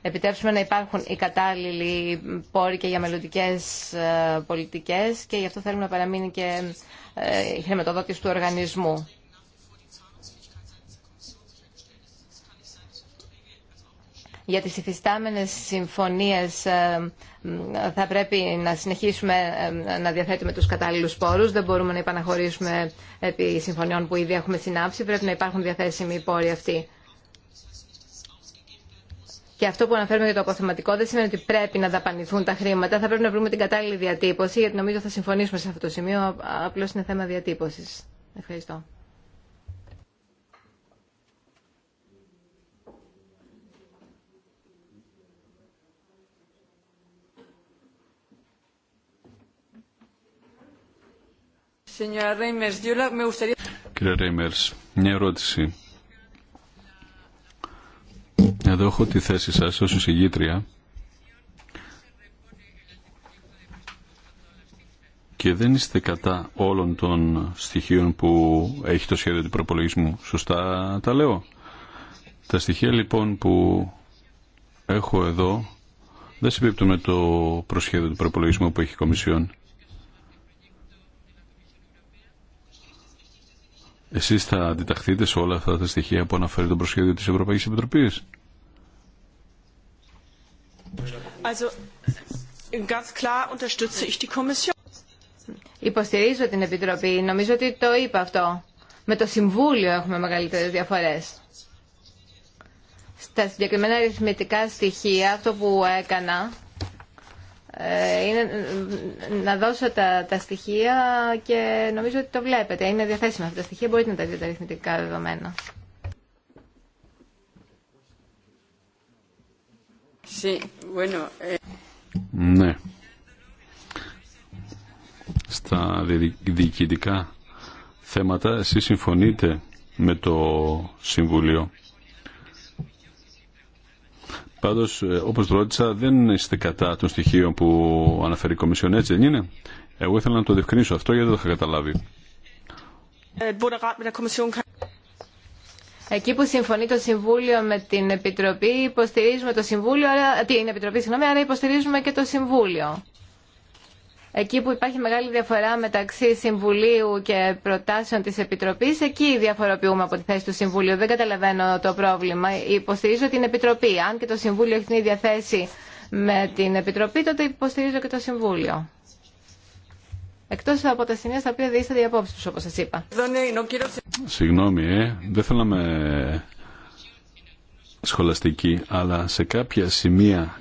επιτρέψουμε να υπάρχουν οι κατάλληλοι πόροι και για μελλοντικέ ε, πολιτικές και γι' αυτό θέλουμε να παραμείνει και ε, η χρηματοδότηση του οργανισμού. για τις υφιστάμενες συμφωνίες ε, θα πρέπει να συνεχίσουμε να διαθέτουμε τους κατάλληλους πόρους. Δεν μπορούμε να υπαναχωρήσουμε επί συμφωνιών που ήδη έχουμε συνάψει. Πρέπει να υπάρχουν διαθέσιμοι πόροι αυτοί. Και αυτό που αναφέρουμε για το αποθεματικό δεν σημαίνει ότι πρέπει να δαπανηθούν τα χρήματα. Θα πρέπει να βρούμε την κατάλληλη διατύπωση, γιατί νομίζω θα συμφωνήσουμε σε αυτό το σημείο. Απλώ είναι θέμα διατύπωση. Ευχαριστώ. Κύριε Ρέιμερς, μια ερώτηση. Εδώ έχω τη θέση σας ως εισηγήτρια και δεν είστε κατά όλων των στοιχείων που έχει το σχέδιο του προπολογισμού. Σωστά τα λέω. Τα στοιχεία λοιπόν που έχω εδώ δεν συμπίπτουν με το προσχέδιο του προπολογισμού που έχει η Κομισιόν. Εσείς θα αντιταχθείτε σε όλα αυτά τα στοιχεία που αναφέρει το προσχέδιο της Ευρωπαϊκής Επιτροπής. Υποστηρίζω την Επιτροπή. Νομίζω ότι το είπα αυτό. Με το Συμβούλιο έχουμε μεγαλύτερες διαφορές. Στα συγκεκριμένα αριθμητικά στοιχεία, αυτό που έκανα ε, είναι να δώσω τα, τα στοιχεία και νομίζω ότι το βλέπετε. Είναι διαθέσιμα αυτά τα στοιχεία, μπορείτε να τα δείτε τα αριθμητικά δεδομένα. Eh. Ναι. Στα διοικητικά θέματα εσείς συμφωνείτε με το Συμβουλίο. Πάντως, ε, όπως ρώτησα, δεν είστε κατά των στοιχείων που αναφέρει η Κομισιόν, έτσι δεν είναι. Εγώ ήθελα να το διευκρινίσω αυτό γιατί δεν το είχα καταλάβει. Ε, Εκεί που συμφωνεί το Συμβούλιο με την Επιτροπή, υποστηρίζουμε το Συμβούλιο, την Επιτροπή, συγγνώμη, αλλά υποστηρίζουμε και το Συμβούλιο. Εκεί που υπάρχει μεγάλη διαφορά μεταξύ Συμβουλίου και προτάσεων της Επιτροπής, εκεί διαφοροποιούμε από τη θέση του Συμβουλίου. Δεν καταλαβαίνω το πρόβλημα. Υποστηρίζω την Επιτροπή. Αν και το Συμβούλιο έχει την ίδια θέση με την Επιτροπή, τότε υποστηρίζω και το Συμβούλιο. Εκτό από τα σημεία στα οποία διήσατε οι απόψει του, όπως σας είπα. Συγγνώμη, ε. δεν θέλω να είμαι σχολαστική, αλλά σε κάποια σημεία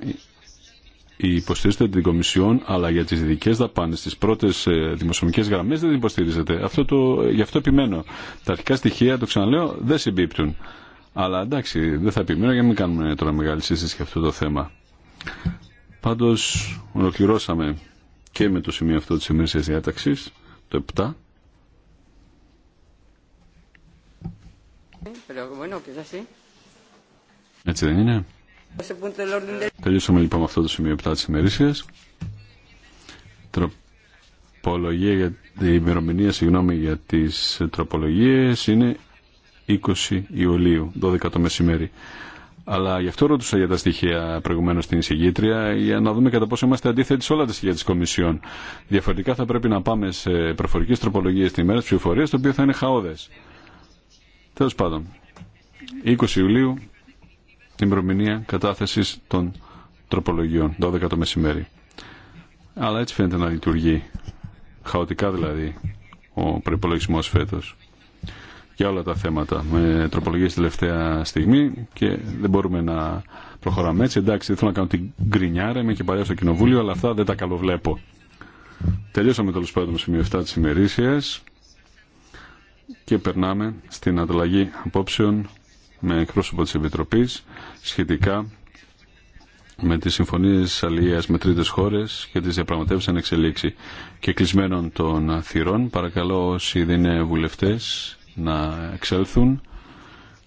υποστηρίζετε την Κομισιόν, αλλά για τις δικέ δαπάνες, τις πρώτες ε, δημοσιονομικέ γραμμέ, δεν την υποστηρίζετε. Αυτό το, γι' αυτό επιμένω. Τα αρχικά στοιχεία, το ξαναλέω, δεν συμπίπτουν. Αλλά εντάξει, δεν θα επιμένω για να μην κάνουμε τώρα μεγάλη σύστηση για αυτό το θέμα. Πάντως, ολοκληρώσαμε και με το σημείο αυτό της ημερήσιας διάταξης, το 7. Έτσι δεν είναι. Τελειώσαμε λοιπόν με αυτό το σημείο 7 της ημερήσιας. Τροπολογία για η ημερομηνία, συγγνώμη, για τις τροπολογίες είναι 20 Ιουλίου, 12 το μεσημέρι. Αλλά γι' αυτό ρώτησα για τα στοιχεία προηγουμένω στην εισηγήτρια, για να δούμε κατά πόσο είμαστε αντίθετοι σε όλα τα στοιχεία τη Κομισιόν. Διαφορετικά θα πρέπει να πάμε σε προφορικέ τροπολογίε τη ημέρα τη ψηφοφορία, το οποίο θα είναι χαόδε. Τέλο πάντων, 20 Ιουλίου, την προμηνία κατάθεση των τροπολογιών, 12 το μεσημέρι. Αλλά έτσι φαίνεται να λειτουργεί. Χαοτικά δηλαδή ο προπολογισμό φέτο για όλα τα θέματα με τροπολογίε τελευταία στιγμή και δεν μπορούμε να προχωράμε έτσι. Εντάξει, δεν θέλω να κάνω την γκρινιάρα, είμαι και παλιά στο κοινοβούλιο, αλλά αυτά δεν τα καλοβλέπω. Τελειώσαμε τέλο πάντων το σημείο 7 τη ημερήσια και περνάμε στην ανταλλαγή απόψεων με εκπρόσωπο τη Επιτροπή σχετικά με τις συμφωνίες αλληλείας με τρίτες χώρες και τις διαπραγματεύσεις ανεξελίξη και κλεισμένων των θυρών. Παρακαλώ όσοι δεν είναι βουλευτές να εξέλθουν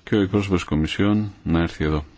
και ο εκπρόσωπος Κομισιόν να έρθει εδώ.